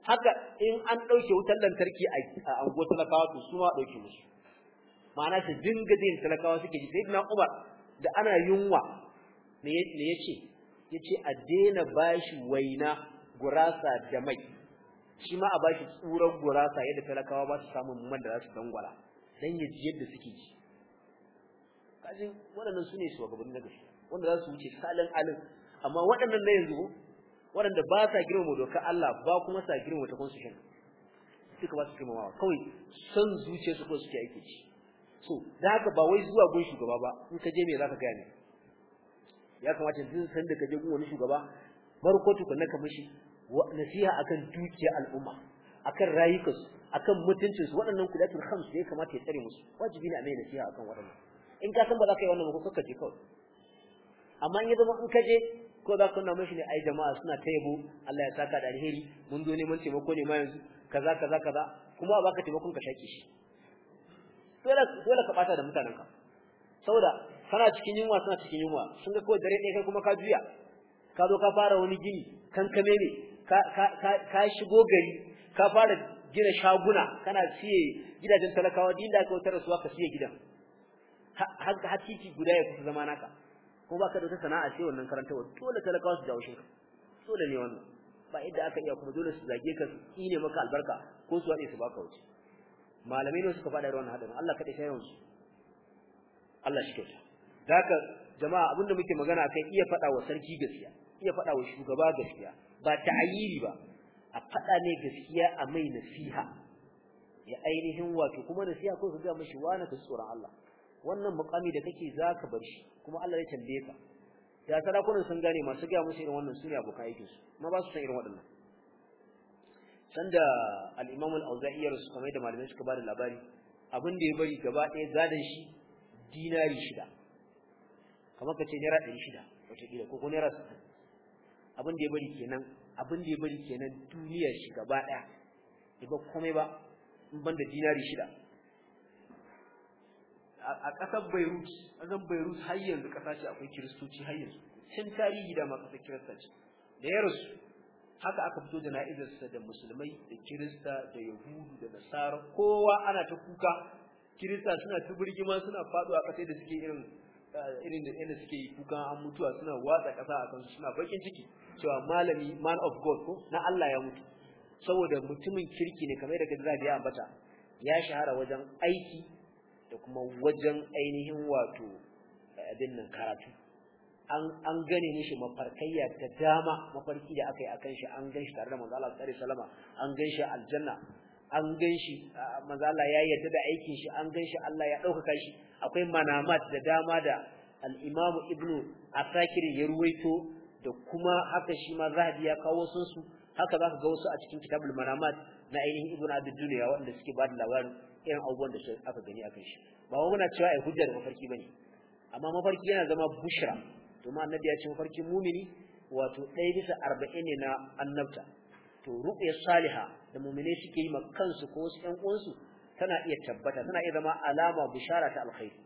[SPEAKER 1] haka in an ɗauke wutar lantarki a anguwar talakawa to su ma ɗauke musu ma'ana su dinga jin talakawa suke ji sai na Umar da ana yunwa me ya ce ya ce a daina bashi waina gurasa da mai shi ma a bashi tsuran gurasa yadda talakawa ba su samun man da za su dangwala dan ya ji yadda suke ji kajin waɗannan su ne shugabanni na gaske wanda za su wuce salin alin amma waɗannan na yanzu waɗanda ba sa girmama doka Allah ba kuma sa girmama ta shan suka ba su girmamawa kawai son zuciyarsu ko suke aiki ci so da haka ba wai zuwa gun shugaba ba in ka je me zaka gane ya kamata duk san da kaje wani shugaba farko tukunna ka mishi nasiha akan dukiya al'umma akan rayukansu akan mutuncinsu waɗannan kudatul khams da ya kamata ya tsare musu wajibi ne a mai nasiha akan waɗannan in ka san ba za ka yi wannan ba ka je kawai amma in ya zama in ka je ko za ka nuna mishi ne ai jama'a suna ta yabo Allah ya saka da alheri mun zo neman taimako ne ma yanzu kaza kaza kaza kuma ba ka taimakon ka shake shi dole dole ka bata da mutanen ka saboda kana cikin yunwa suna cikin yunwa sun ga kowa dare ne kai kuma ka juya ka zo ka fara wani gini kan kame ne ka shigo gari ka fara gina shaguna kana siye gidajen talakawa din da ka wutar suwa ka siye gidan har hakiki guda ya kusa zama naka ko baka da wata sana'a sai wannan wa dole talakawa su jawo shi dole ne wannan ba yadda aka iya kuma dole su zage ka su tsine maka albarka ko su wade su baka wuce malamai ne suka faɗa da wannan hadarin Allah kaɗai sai yawan su Allah shi kyauta da jama'a abinda muke magana kai iya fada wa sarki gaskiya iya fada wa shugaba gaskiya ba ta'ayiri ba a faɗa ne gaskiya a mai nasiha ya ainihin wato kuma nasiha ko ka ga mishi wani ka tsoron Allah wannan muqami da kake zaka bar shi kuma Allah ya tambaye ka da sarakunan sun gane masu ga musu irin wannan sune buka yake su ma ba su san irin waɗannan sanda al-Imam al-Auza'i rasu kamar da malamai suka ba da labari abin da ya bari gaba ɗaya gadan shi dinari shida kamar ka ce naira ɗari shida wataƙila ko naira sittin abin da ya bari kenan abin da ya bari kenan duniya shi gaba ɗaya ya ba komai ba in ban da dinari shida a ƙasar Beirut ƙasar Beirut har yanzu ƙasa ce akwai kiristoci har yanzu tun tarihi da ma kirista ce da ya rasu haka aka fito da na'izarsa da musulmai da kirista da yahudu da nasara kowa ana ta kuka kirista suna ta birgima suna faɗuwa ƙasai da suke irin Eh, irin da inda suke yi kuka an mutuwa suna watsa kasa a kansu suna bakin ciki cewa malami man of god ko na Allah ya mutu saboda mutumin kirki ne kamar da kaza ya ambata ya shahara wajen aiki da kuma wajen ainihin wato eh, abin nan karatu an gane shi mafarkayya ta dama mafarki da aka yi akan shi an shi. tare da manzo Allah sallallahu alaihi wasallam an ganshi aljanna an ganshi ah, manzo Allah ya yarda da aikin shi an ganshi Allah ya ɗaukaka shi akwai manamat da dama da al-imamu ibnu asakir ya ruwaito da kuma haka shi ma zahabi ya kawo sun su haka zaka ga wasu a cikin kitabul manamat na ainihin ibn abdul duniya wanda suke ba da labarin irin abubuwan da aka gani akan shi ba wa muna cewa ai hujjar mafarki bane amma mafarki yana zama bushra to ma annabi ya ce mafarkin mumini wato ɗaya bisa arba'in ne na annabta to ruqya saliha da muminai suke yi ma kansu ko wasu ƴan uwansu tana iya tabbata tana iya zama alama bishara ta alkhairi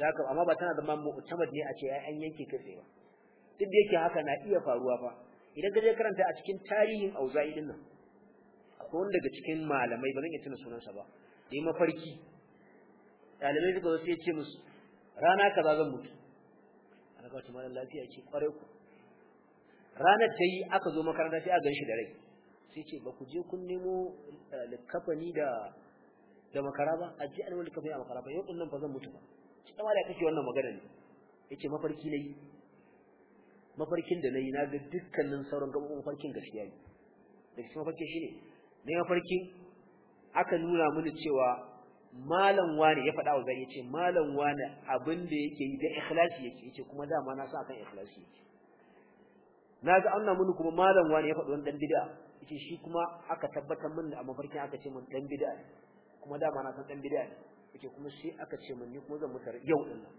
[SPEAKER 1] haka amma ba tana zama mu'tamad ne a ce ai an yanke kirsewa ba duk da yake haka na iya faruwa fa idan ka je karanta a cikin tarihin auza'i din nan akwai wanda daga cikin malamai ba zan iya tuna sunansa ba yi mafarki ɗalibai suka zo sai ce musu rana kaza zan mutu ana kawo malam lafiya ce kwarai ku ranar ta yi aka zo makaranta sai a gan da rai sai ce ba ku je kun nemo eh, likafani da da makara ba a ji an wani kafin a makara ba yau nan ba zan mutu ba shi kama da kake wannan magana ne yace mafarki nayi mafarkin da nayi ga dukkanin sauran gaban mafarkin gaskiya ne da shi mafarki shine ne mafarkin aka nuna mini cewa malam wani ya faɗa wa gari yace malam wani abin da yake yi da ikhlasi yake yace kuma dama na sa akan ikhlasi yake ga an nuna mini kuma malam wani ya faɗi wani dan bid'a yace shi kuma aka tabbatar mini a mafarkin aka ce mun dan bid'a kuma dama na san dan bid'a ne yake kuma sai aka ce mun ni kuma zan mutar yau din nan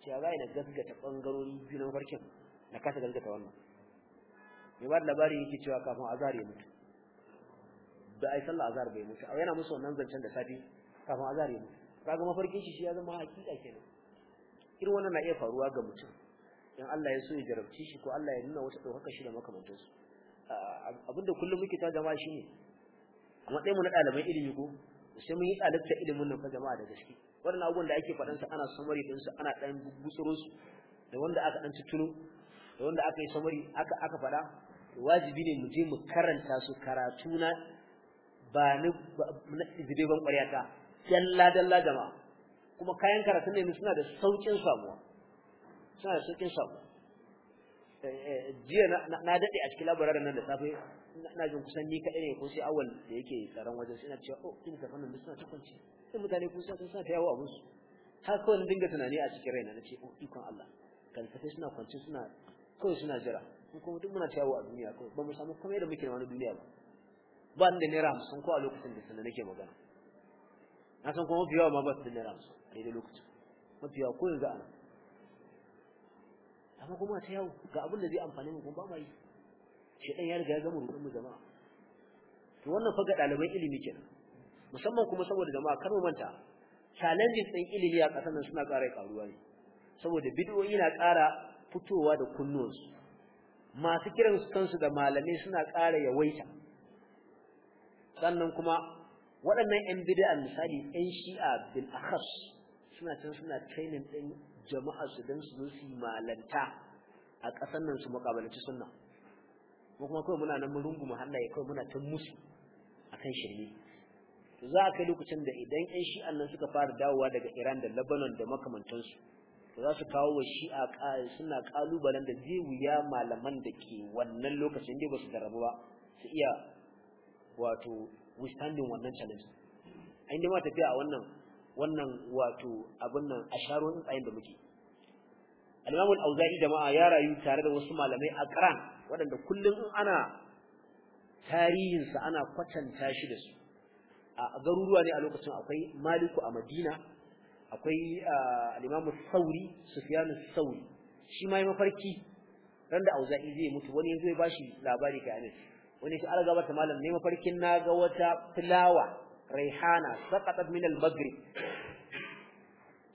[SPEAKER 1] ce ya zai na gaskata bangarori biyu na farkin na kasa gaskata wannan mai ba labari yake cewa kafin azhar ya mutu da ai sallah azhar bai mutu yana musu wannan zancen da safi kafin azhar ya mutu kaga mafarkin shi shi ya zama hakika kenan irin wannan na iya faruwa ga mutum in Allah ya so ya jarabci shi ko Allah ya nuna wata ɗaukaka shi da makamantansu abinda kullum muke ta jama'a shine a matsayin mu na ɗaliban ilimi ko sai mun yi ɗalibta ilimin nan fa jama'a da gaske wannan abubuwan da ake faɗan su ana samari din su ana ɗan gutsuro su da wanda aka ɗan tuno da wanda aka yi samari aka aka faɗa wajibi ne mu je mu karanta su karatu na ba ni zube ban ƙwarya ta yalla dalla jama'a kuma kayan karatun ne suna da saukin samuwa suna da saukin samuwa eh, eh, jiya na daɗe a cikin labarar nan da safe ina jin kusan ni kaɗai ne ko sai awal da yake tsaron wajen suna cewa oh kin ka fannin suna ta kwance sai mutane kusa sun sa ta yawo abin su har kawai dinga tunani a cikin raina nace oh ikon Allah sai suna kwance suna kawai suna jira ko kuma duk muna ta yawo a duniya kawai ba mu samu komai da muke na wani duniya ba ba ni da nera hamsin ko a lokacin da sanar nake magana na san kuma mafi ma ba su da nera hamsin a da lokacin mafi ko yanzu ana, amma kuma ta yawo ga abin da zai amfani mu kuma ba ma yi shedan ya riga ya gama rubutun jama'a to wannan fa ga ɗaliban ilimi kenan musamman kuma saboda jama'a kar mu manta challenges din ilimi a kasan nan suna ƙara karuwa ne saboda bid'o'i na ƙara fitowa da kunnuwansu masu kiran su kansu da malamai suna ƙara yawaita sannan kuma waɗannan yan bid'an misali ƴan shi'a bil akhas suna can suna training din jama'a su dan su zo malanta a ƙasar nan su muƙabalanci sunna mu kuma kawai muna nan mun rungu Allah ya kawai muna tun musu akan shirme to za a kai lokacin da idan ƴan shi'an nan suka fara dawowa daga Iran da Lebanon da makamantansu to za su kawo wa shi'a suna kalubalen da zai wuya malaman da ke wannan lokacin da ba su garabu ba su iya wato withstanding wannan challenge a inda ma tafiya a wannan wannan wato abin nan a sharon tsayin da muke al-Imam al-Auza'i jama'a ya rayu tare da wasu malamai a karan. waɗanda kullum in ana tarihinsa ana kwatanta shi da su a garuruwa ne a lokacin akwai maliku a madina akwai al'imamu sauri sufiyanu sauri shi ma yi mafarki ran da auza'i zai mutu wani yanzu ya bashi labari ga anas wani shi algaba ta malam ne mafarkin na ga wata fulawa raihana saqatat min al-maghrib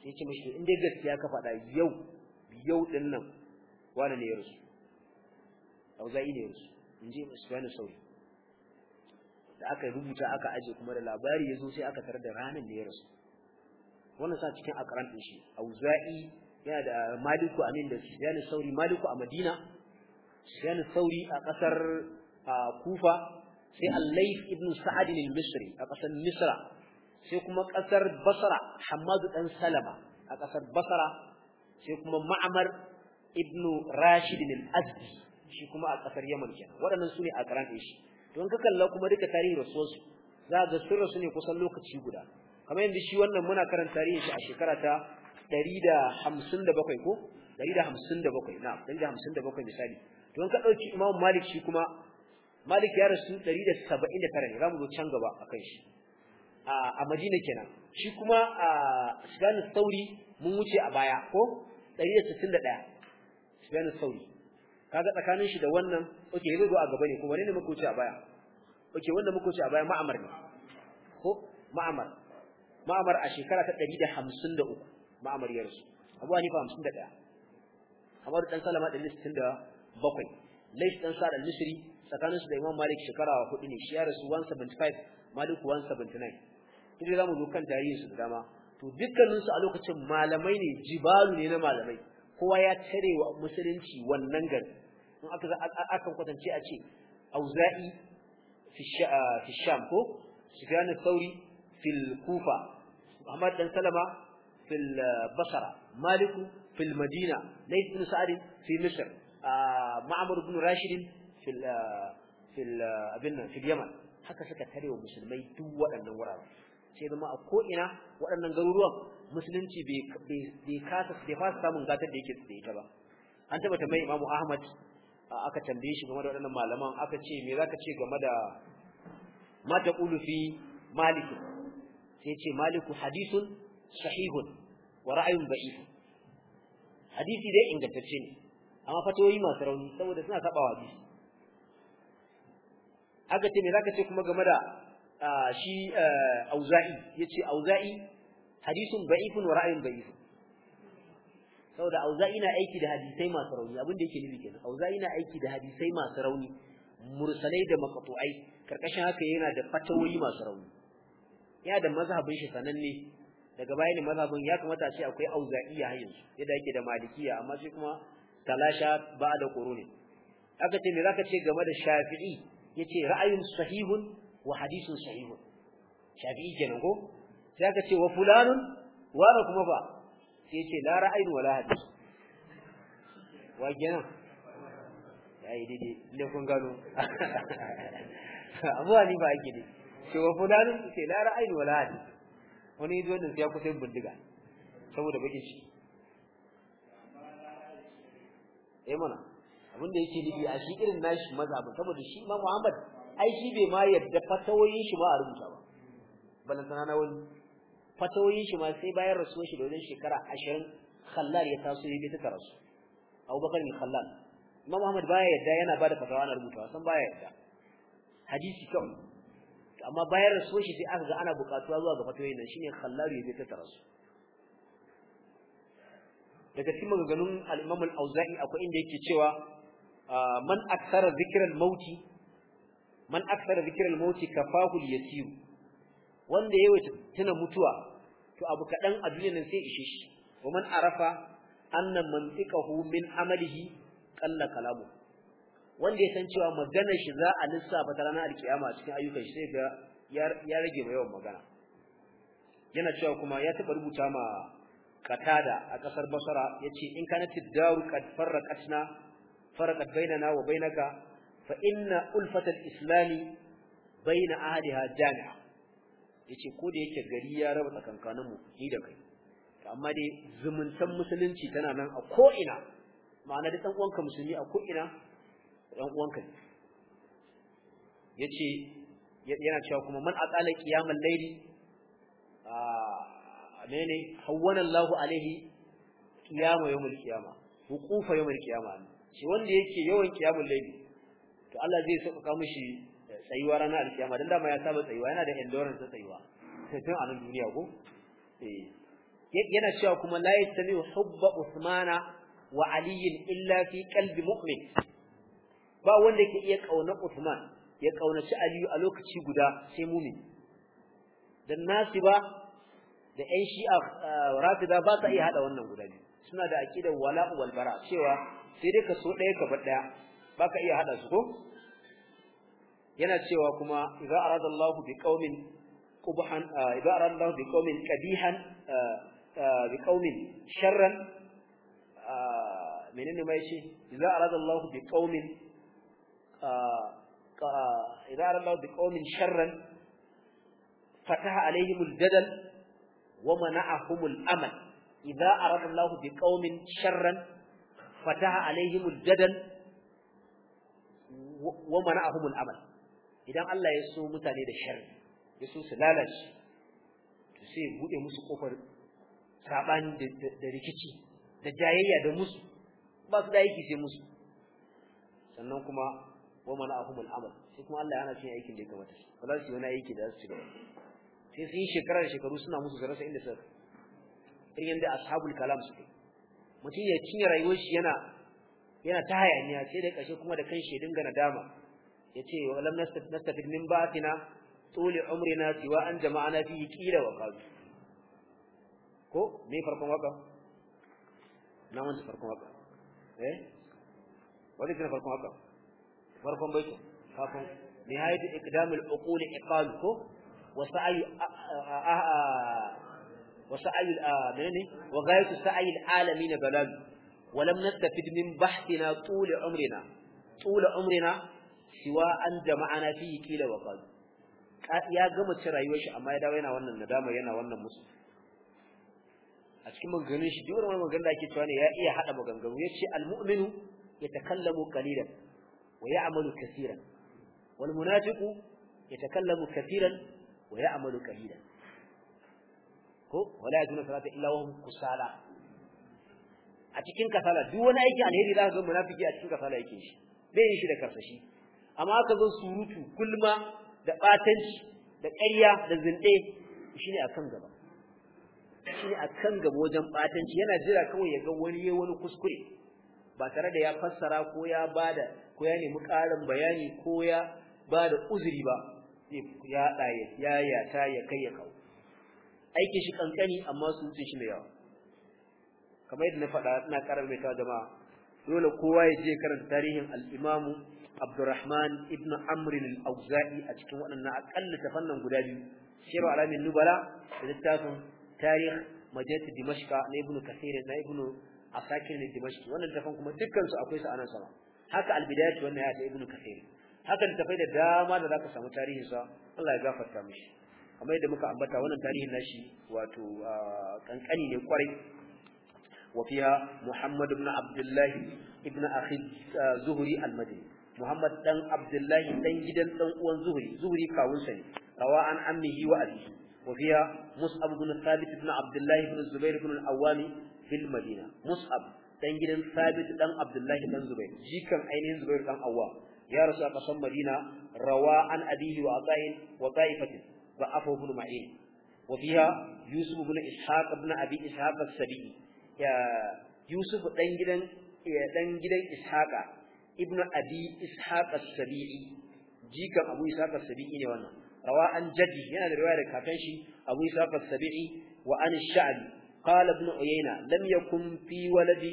[SPEAKER 1] sai ce mishi in dai gaskiya ka faɗa yau yau din nan wani ne ya rusu auza'i ne yanzu in ji Sufyan sauri da aka rubuta aka aje kuma da labari yazo sai aka tarar da ranan da ya rasu wannan sa cikin akran din shi auza'i yana da maliku amin da Sufyan sauri maliku a Madina Sufyan sauri a kasar Kufa sai al ibnu ibn Sa'ad al-Misri a kasar Misra sai kuma kasar Basra Hammad dan Salama a kasar Basra sai kuma Ma'mar ibn Rashid al-Asdi shi kuma a kasar Yemen kenan waɗannan su ne a karan ɗin shi don ka kalla kuma duka tarihi rasulsu za ga sun su ne kusan lokaci guda kamar yanda shi wannan muna karan tarihin shi a shekara ta 157 ko 157 na 157 misali don ka dauki Imam Malik shi kuma Malik ya rasu 179 ne zamu zo can gaba akan shi a a Madina kenan shi kuma a Sufyan Sauri mun wuce a baya ko 161 Sufyan Sauri kaga tsakanin shi da wannan oke zai zo a gaba ne kuma ne muku ci a baya oke wanda muku ci a baya ma'amar ne ko ma'amar ma'amar a shekara ta 153 ma'amar ya rasu Abu Hanifa 51 Amr dan Salama 167 Layth dan Sa'd al-Misri tsakanin su da Imam Malik shekara hudu ne shi ya rasu 175 Malik 179 idan zamu zo kan tarihin su da dama to dukkaninsu a lokacin malamai ne jibalu ne na malamai kowa ya tare wa musulunci wannan gari in aka aka kwatance a ce auza'i fi sham ko sufyan al-thawri fil kufa ahmad dan salama fil basra malik fil madina layth bin sa'd fi misr ma'mar ibn rashid fil fil abin fil yaman haka suka tarewa musulmai duk waɗannan wurare sai zama a ko'ina waɗannan garuruwan musulunci bai kasa bai fasa samun gatar da yake da ita ba an tabbata mai imamu ahmad aka tambaye shi game da waɗannan malaman aka ce me ka ce game da mata ulufi maliku malik sai ce maliku hadisun sahihun wa ra'ayun da'if hadisi dai ingantacce ne amma fatoyi masu rauni saboda suna saba wa hadisi aka ce me ka ce kuma game da ah, shi eh, auza'i ce auza'i hadisun da'ifun wa ra'yun da'if saboda auza'i na aiki da hadisai masu rauni abin da yake nufi kenan auza'i na aiki da hadisai masu rauni mursalai da maqtu'ai karkashin haka yana da fatawoyi masu rauni ya da mazhabin shi sananne daga baya ne mazhabin ya kamata a ce akwai auza'iyya har yanzu yadda yake da malikiya amma shi kuma talasha ba da qurune aka ce me zaka ce game da shafi'i yace ra'ayun sahihun wa hadisun sahihun shafi'i kenan ko sai aka ce wa fulanun wa kuma ba yace la ra'ayin wala hadis wa kenan yayi dai ne kun gano *laughs* abu ali ba yake ne ce wa fulanin ce la ra'ayin wala hadis wani yazo din sai ya kusa bindiga saboda baki shi eh mana abinda yake nufi a shi irin nashi mazhabin saboda shi ma Muhammad ai shi bai ma yadda fatawoyin shi ba a rubuta ba balantana na wani Fatoyin shi ma sai bayan rasuwar shi da shekara ashirin khallal ya taso ya bi ta rasu abubakar ne khallal imam ahmad baya yadda yana bada fatawa na rubutawa san baya yadda hadisi kawai amma bayan rasuwar shi sai aka ga ana bukatuwa zuwa ga fatoyin nan shine khallal ya bi ta rasu daga cikin maganganun al-imam al-auza'i akwai inda yake cewa ah, man aksara zikral mauti man akthara zikral mauti kafahu al-yasir wanda yayi tuna mutuwa to abu kadan a nan sai ishe shi wa man arafa annan mantiqahu min amalihi qalla kalamu wanda ya san cewa maganar shi za a lissafa ta ranar alkiyama cikin ayyukan shi sai ga ya rage mai yawan magana yana cewa kuma ya taba rubuta ma katada a kasar basara yace in kana tiddaru qad farraqatna farraqat bainana wa bainaka fa inna ulfatal islami baina ahliha jami'a yace ko da yake gari ya raba tsakankanin mu ni da kai amma dai zumuntan musulunci tana nan a ko ina ma'ana da ɗan uwanka musulmi a ko ina dan uwanka yace yana cewa kuma man aqala qiyamal layli a menene hawwana Allahu alaihi qiyama yawmul qiyama huqufa yawmul qiyama shi wanda yake yawan qiyamul laili to Allah zai sauka mishi tsayuwa ranar alkiyama dan dama ya saba tsayuwa yana da endurance ta tsayuwa sai tun a duniya ko eh yana cewa kuma la yastami hubba usmana wa ali illa fi qalbi mu'min ba wanda ke iya kauna usman ya ƙaunaci aliyu a lokaci guda sai mu'min dan nasiba da ƴan shi'a eh, rafida ba ta iya hada wannan guda suna da aqidar wala wal bara cewa sai dai ka so ɗaya ka bar ɗaya baka iya hada su ko yana cewa kuma idza arada Allah qubhan ah, idza ah, ah, sharran menene mai shi idza idza sharran fataha alaihim jadal wa mana'ahum amal idza sharran fataha jadal wa amal idan Allah ya so mutane da sharri ya so su lalace to sai bude musu kofar saɓani da rikici da jayayya da musu ba su da yake sai musu sannan kuma wa mana ahumul amal sai kuma Allah yana cin aikin da ya kamata ba za su yi wani aiki da za su ci gaba sai sun yi shekara da shekaru suna musu su rasa inda sa irin yadda ashabul kalam suke mutum ya cinye rayuwar shi yana yana ta hayaniya sai da ƙarshe kuma da kanshi ya dinga nadama yace wa lam nastafid min ba'atina tuli umrina siwa an jama'ana fi qila wa qal ko me farkon waka na wanda farkon waka eh wani kina farkon waka farkon baito kafin nihayat iqdamul uqul iqal ko wa sa'i وسعي الآمنين وغاية سعي العالمين بلد ولم نستفد من بحثنا طول عمرنا طول عمرنا siwa an jama'ana fi kila wa qad ya gama ci rayuwar shi amma ya dawo yana wannan nadama yana wannan musu a cikin maganganun shi duk wani maganganun da ake cewa ne ya iya hada maganganu ya ce almu'minu yatakallamu qalilan wa ya'malu kaseeran wal munafiqu yatakallamu kaseeran wa ya'malu qalilan ko wala yajuna salata illa wa hum kusala a cikin kasala duk wani aiki alheri za ka ga munafiki a cikin kasala yake shi bai yin shi da karsashi amma aka zo surutu kulma da batanci da ƙarya da zinde shine akan gaba shine akan gaba wajen batanci yana jira kawai ya ga wani yayi wani kuskure ba tare da ya fassara ko ya bada ko ya nemi ƙarin bayani ko ya bada uzuri ba ya ɗaya ya yata ya kai ya kawo aiki shi kankani amma wuce shi mai yawa kamar yadda na faɗa ina karar mai kawo jama'a dole kowa ya je karanta tarihin al Abdulrahman ibn Amril al-Auza'i a cikin waɗannan akalla tafannan guda biyu Shiru Alamin Nubara da littafin Tarikh Majalis Dimashqa na Ibn Kathir na Ibn Asakir ne Dimashqi wannan tafan kuma dukkan su akwai su a nan sama haka al wannan ya ta Ibn Kathir haka tafai da dama da zaka samu tarihin sa Allah ya gafarta mishi kamar yadda muka ambata wannan tarihin nashi wato kankani ne kwarai وفيها Muhammadu Abdullahi Ibn الله ابن أخي الزهري Muhammad dan Abdullahi dan gidan dan uwan Zuhri Zuhri kawunsa ne rawa an ammihi wa abihi wa fiya Mus'ab ibn Thabit ibn Abdullah ibn Zubair ibn al-Awwam fil Madina Mus'ab dan gidan Thabit dan Abdullahi dan Zubair jikan ainihin Zubair dan Awwam ya rasu a kasan Madina rawa an abihi wa ata'in wa ta'ifatin wa afu ibn Ma'in wa fiya Yusuf ibn Ishaq ibn Abi Ishaq as-Sabi'i ya Yusuf dan gidan dan gidan Ishaqa Ibnu abi ishaq as jikan abu ishaq as ne wannan rawa an jaji yana da riwaya da kakan shi abu ishaq as-sabi'i wa an sha'bi qala ibn uyayna lam yakun fi waladi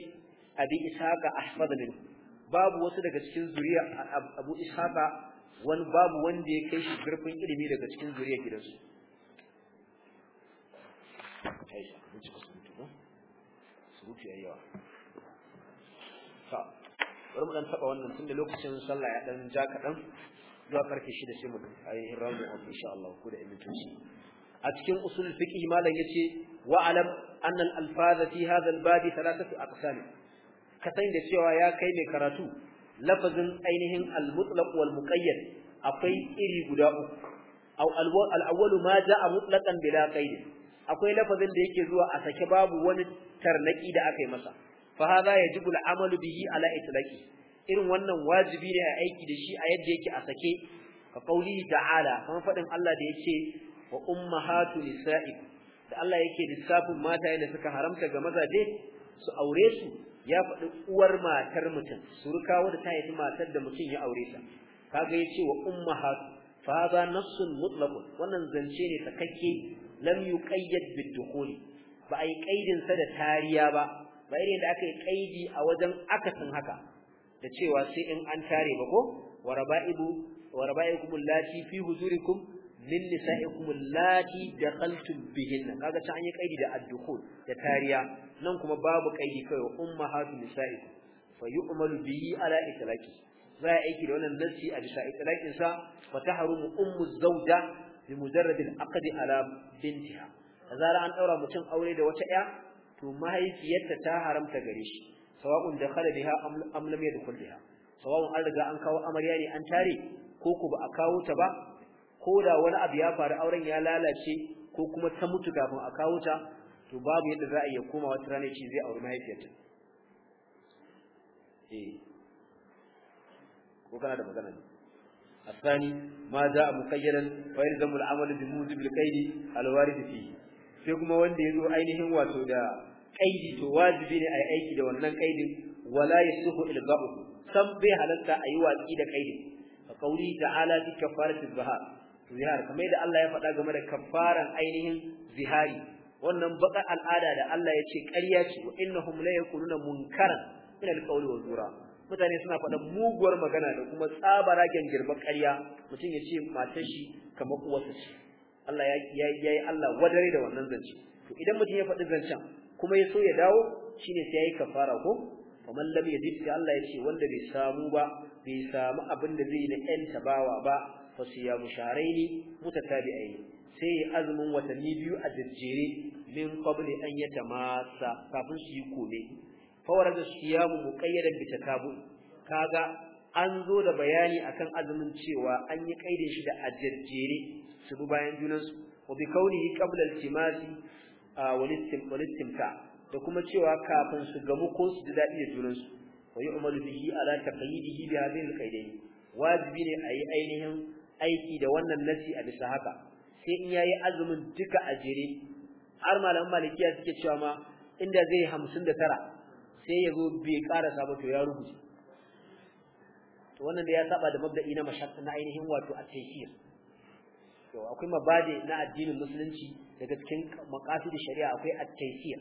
[SPEAKER 1] abi ishaq ahfad min babu wasu daga cikin zuriya abu ishaq wani babu wanda ya kai shi zurfin ilimi daga cikin zuriyar gidansu bari mu dan taba wannan tunda lokacin sallah ya dan ja kadan zuwa karfe 6 sai mu ayi ramu on insha Allah ko da imintunci a cikin usulul fiqh malam yace wa alam anna al alfaz fi hadha al bab thalathatu aqsam ka san da cewa ya kai mai karatu lafazin ainihin al mutlaq wal muqayyad akwai iri guda uku aw al awwal ma jaa mutlaqan bila qayd akwai lafazin da yake zuwa a sake babu wani tarnaki da aka yi masa fa ya yajibu al-amalu bihi ala itlaqi irin wannan wajibi ne a aiki da shi a yadda yake a sake ka kauli ta'ala kuma fadin Allah da yake wa ummahatu nisa'i da Allah yake lissafin mata da suka haramta ga mazaje su aure su ya faɗi uwar matar mutum suruka wadda ta haifi matar da mutum ya aure ta kaga yace wa ummahatu fa hadha nafsun mutlaqun wannan zance ne sakakke lam yuqayyad bid-dukhuli ba a yi sa da tariya ba ba irin da aka yi kaidi a wajen akasin haka da cewa sai in an tare ba ko waraba'ibu waraba'ikum allati fi huzurikum min nisa'ikum allati dakhaltum bihinna kaga ta an yi kaidi da ad-dukhul da tariya nan kuma babu kaidi kai wa ummahatu nisa'ikum fa yu'malu bihi ala itlaqi za a aiki da wannan nassi a bisa itlaqin sa fa tahrumu ummu zawja bi mujarrad al-aqd ala bintiha da zara an daura mutum aure da wata ya to mahaifiyarta ta haramta gare shi sawa'un dakhala biha am lam yadkhul biha sawa'un an riga an kawo amarya ne an tare ko ku ba a kawo ta ba ko da wani abu ya faru auren ya lalace ko kuma ta mutu kafin a kawo ta to babu yadda za a iya koma wata ranar ce zai auri mahaifiyarta eh ko kana da magana ne الثاني ما جاء مقيدا ويلزم العمل بموجب القيد الوارد فيه sai kuma wanda ya zo ainihin wato da kaidi to wajibi ne a yi aiki da wannan kaidin wala yasuhu ilga'u san bai halarta a yi waki da kaidi ka kauli ta'ala fi kafarati zihar zihar kamar da Allah ya faɗa game da kafaran ainihin zihari wannan baka al'ada da Allah ya ce ƙarya ce wa innahum la yaquluna munkaran min al-qawli wa zura mutane suna faɗa muguwar magana da kuma tsabara girbar ƙarya mutum ya ce matar shi kamar uwarsa ce Allah ya yi Allah wadare da wannan zance to idan mutum ya faɗi zancen kuma ya so ya dawo shine sai yayi kafara ko faman lam yazid sai Allah ya ce wanda bai samu ba bai samu abin da zai yi na ƴan tabawa ba fa siyamu sharaini mutatabi'aini sai ya azumin watanni biyu a jajjere min qabli an yatamasa kafin su yi kome fa mu siyamu muqayyadan bi takabu kaga an zo da bayani akan azumin cewa an yi kaidin shi da ajajjere su bayan junansu wa bi kaunihi qabla al-timasi wal istimta da kuma cewa kafin su gamu ko su ji dadi da junansu wa yu'malu bihi ala taqyidihi bi hadhihi al-qaidayn wajibi ne ayi ainihin aiki da wannan nasi a bisa haka sai in yayi azumin duka a jere har malaman malikiya suke cewa ma inda zai 59 sai ya zo bai karasa ba to ya rubuce to wannan da ya saba da mabda'i na mashaqqa na ainihin wato a tafsir to akwai mabade na addinin musulunci daga cikin maqasid shari'a akwai at taysiya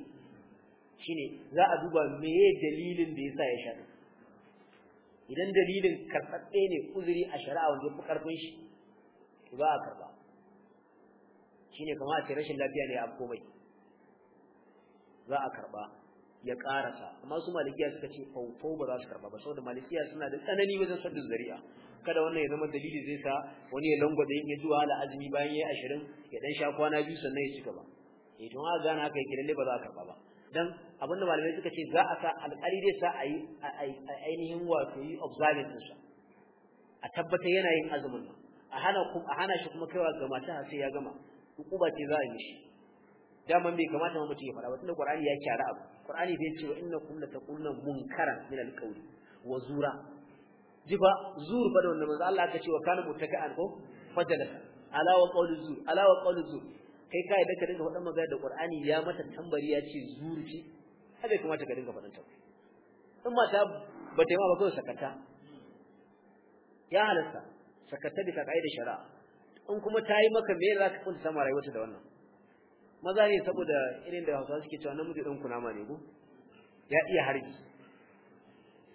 [SPEAKER 1] shine za a duba meye dalilin da yasa ya shaɗu idan dalilin karɓaɓɓe ne uzuri a shari'a wanda yafi karfin shi to za a karɓa shine kuma a ce rashin lafiya ne a komai za a karɓa ya karasa amma su malikiya suka ce faufau ba za su karɓa ba saboda malikiya suna da tsanani wajen sabbin zari'a kada wannan ya zama dalili zai sa wani ya langwada in ya zuwa ala azumi bayan ya yi 20 ya dan sha kwana biyu sannan ya cika ba eh to aka gana kai yake ba za ka karba ba dan abinda malamai suka ce za a sa alƙali zai sa ayi ainihin wato yi observing din sa a tabbata yana yin azumin nan a hana a hana shi kuma kaiwa ga mata sai ya gama hukuma ce za a yi mishi daman bai kamata mutum ya fada ba tunda Qur'ani ya kyara abu Qur'ani bai ce wa innakum ta munkaran min alqawli wa zura jifa zur fa da wannan manzo Allah aka ce wa kana mutaka'an ko fajalasa ala wa qawli zur ala wa qawli zur kai kai da ka dinga faɗan magana da Qur'ani ya mata tambari ya ce zur ce haka ta ka dinga faɗan ta in mata ba ta yi ma ba ko sakata ya halasta sakata ta kaida shari'a in kuma ta yi maka me za ka kunta sama rayuwarta da wannan maza ne saboda irin da Hausawa suke cewa namiji dan kunama ne ko ya iya harbi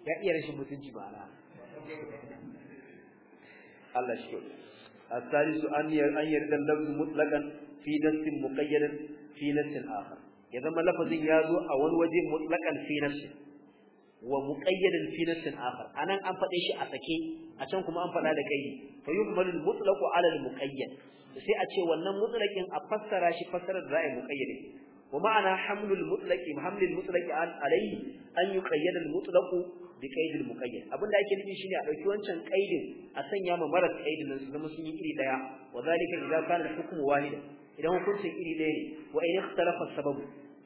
[SPEAKER 1] ya iya rashin mutunci ba ala Allah shi kyau. A tsari su an yarda lafi mutlakan fi nassin muƙayyadar fi nassin akhar. Ya zama lafazin ya zo a wani waje mutlakan fi nassin wa muƙayyadar fi nassin akhar. A nan an faɗe shi a sake, a can kuma an faɗa da kai. Fa yi kuma lil mutlaku alal muƙayyad. Sai a ce wannan mutlakin a fassara shi fassarar za a yi muƙayyadar. Wa ma'ana hamlul mutlaki hamlul mutlaki alayhi an yi yuqayyadul mutlaku bi muqayyad abin da ake nufi shine a dauki wancan qaidin a sanya ma maras qaidin nan su zama sun yi iri daya wa zalika idza kana hukmu wahida idan hukuncin iri daya ne wa in ikhtalafa sababu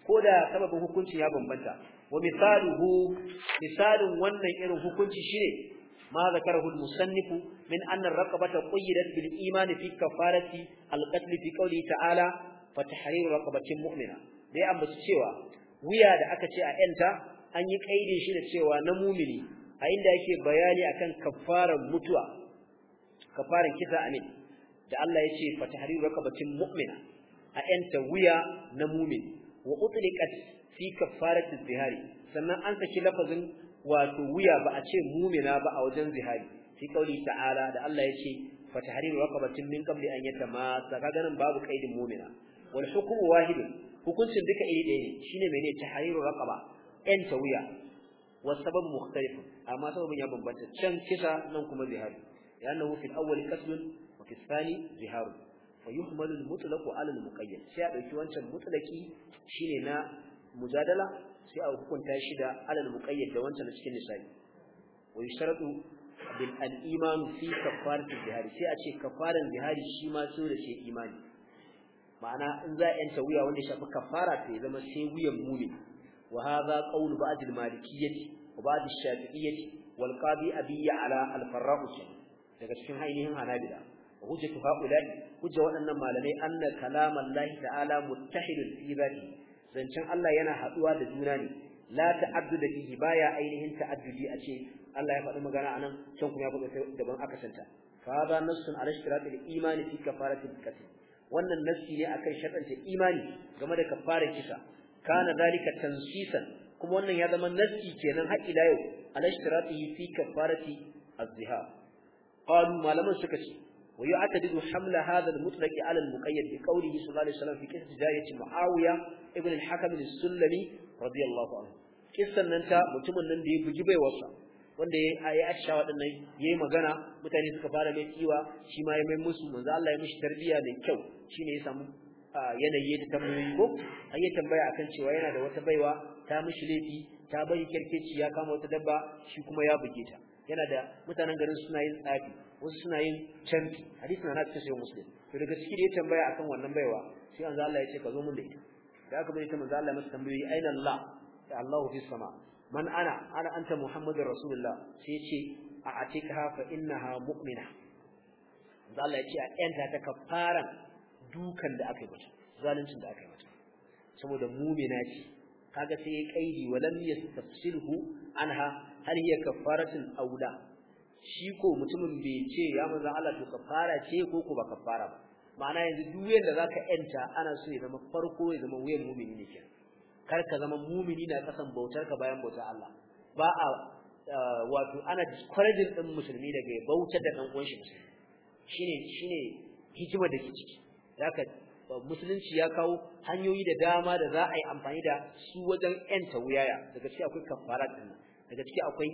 [SPEAKER 1] ko da sababin hukunci ya bambanta wa misaluhu misalin wannan irin hukunci shine ما ذكره المصنف من أن الرقبة قيدت بالإيمان في كفارة القتل في ta'ala تعالى فتحرير رقبة مؤمنة dai an basu cewa wuya da aka ce a yanta an yi kaidin shi da cewa na mumini a inda yake bayani akan kafarar mutuwa kafarar kisa amin da Allah ya ce tahriru rakabatin mu'mina a yanta wuya na mumin wa utliqat fi kafarati zihari sannan an saki lafazin wato wuya ba a ce mumina ba a wajen zihari fi kauli ta'ala da Allah ya ce tahriru rakabatin min qabli an yatama saka ganin babu kaidin mumina wal hukmu wahidun hukuncin duka iri ɗaya ne shine menene tahriru rakaba? yanta wuya wasu sababu mukhtalifun amma sababin ya bambanta can kisa nan kuma ziharu ya annahu fil awwal kasmin wa fil a ziharu fa yuhmalu al mutlaq ala sai a ɗauki wancan shi shine na mujadala sai a hukunta shi da ala al da wancan cikin nisabi Wai yushtaratu bil al iman fi zihari sai a ce kafaran zihari shi ma so da ce imani ma'ana in za a yanta wuya wanda ya shafi kafara to ya zama sai wuyan mumin wa hadha qawl ba'd al-malikiyyah wa ba'd ash-shafi'iyyah wal qadi abi ala al-farra'usi daga cikin ainihin hanabila hujjatu haula hujja waɗannan malamai anna kalamallahi ta'ala muttahidun fi dhati zancen Allah yana haduwa da juna ne la ta'adduda bihi baya ainihin ta'addudi a ce Allah ya faɗi magana anan can kuma ya faɗi daban aka santa fa hada nassun ala ishtiratil imani fi kafaratil qatl wannan nassi ne akan sharɗanta imani game da kafarar kisa kana zalika tansisan kuma wannan ya zama nassi kenan har ila yau ala shiratihi fi kafarati az-zihar qalu malaman suka ce wa yu'tadidu hamla hadha al-mutlaq ala al-muqayyad bi qawlihi sallallahu alaihi wasallam fi qissati dayati muawiya ibn al-hakam al-sulami radiyallahu anhu kissan nan ta mutumin nan da ya bugi baiwarsa wanda ya yi asha waɗannan ya yi magana mutane suka fara mai kiwa shi ma ya mai musu manzo Allah ya mishi tarbiyya mai kyau shine ya samu yanayi da tambayoyi ko an yi tambaya akan cewa yana da wata baiwa ta mishi laifi ta bari kirkeci ya kama wata dabba shi kuma ya buge ta yana da mutanen garin suna yin tsafi wasu suna yin canfi hadisi na cikin kashe muslim to daga ciki da ya tambaya akan wannan baiwa sai an Allah ya ce ka zo mun da ita da aka bari ta manzo Allah masa tambayoyi aina Allah ya Allah fi sama man ana ana anta muhammadur rasulullah sai ya ce a atika fa innaha mu'mina manzo Allah ya ce a yanta ta kafaran dukan da aka yi mata zaluncin da aka yi mata saboda mumina ce kaga sai ya kaidi walam yastafsilhu anha hal hiya kafaratun aula shi ko mutumin bai ce ya manzo Allah to kafara ce ko ko ba kafara ba ma'ana yanzu duk yanda zaka yanta ana so ya zama farko ya zama wuyan mumini ne kenan kar ka zama mumini na kasan bautar ka bayan bautar Allah ba a eh, wato ana discouraging din musulmi daga bautar da dan uwan musulmi shine shine hikimar da ke ciki zaka musulunci ya kawo hanyoyi da dama da za a yi amfani da su wajen yanta wuyaya daga ciki akwai kafarat din daga ciki akwai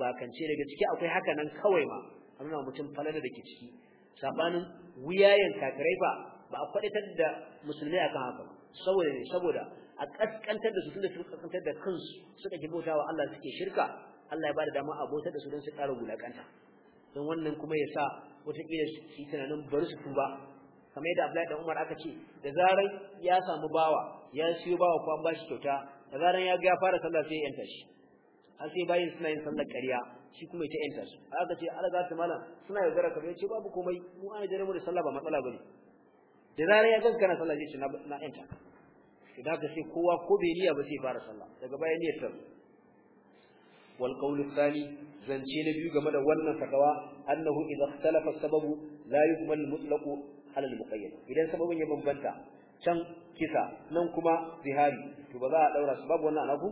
[SPEAKER 1] bakance daga ciki akwai haka nan kawai ma a mutum falala da ciki sabanin wuyayen kafirai ba ba a faɗitar da musulmai akan haka saboda ne saboda a kaskantar da su tunda su kaskantar da kansu suka ki bautawa Allah suke shirka Allah ya da dama a bautar da su don su ƙara wulakanta don wannan kuma ya sa wataƙila su yi tunanin bari su tuba kamar yadda Abdullahi dan Umar aka ce da zaran ya samu bawa ya siyo bawa ko an bashi kyauta da zaran ya ga ya fara sallah sai ya yanta shi har sai bayin suna yin sallar ƙarya shi kuma ya ta yanta su aka ce Allah za ta malam suna yaudara kamar ce babu komai mu an jira mu da sallah ba matsala bane da zaran ya ganka na sallah sai ce na yanta idan ka sai kowa ko bai niyya ba sai fara sallah daga bayan niyyar sallah wal qawlu thani zance na biyu game da wannan sakawa annahu idza ikhtalafa sababu la yuqbal mutlaqu alal muqayyad idan sababin ya bambanta can kisa nan kuma zihari to ba za a daura su babu wannan alaku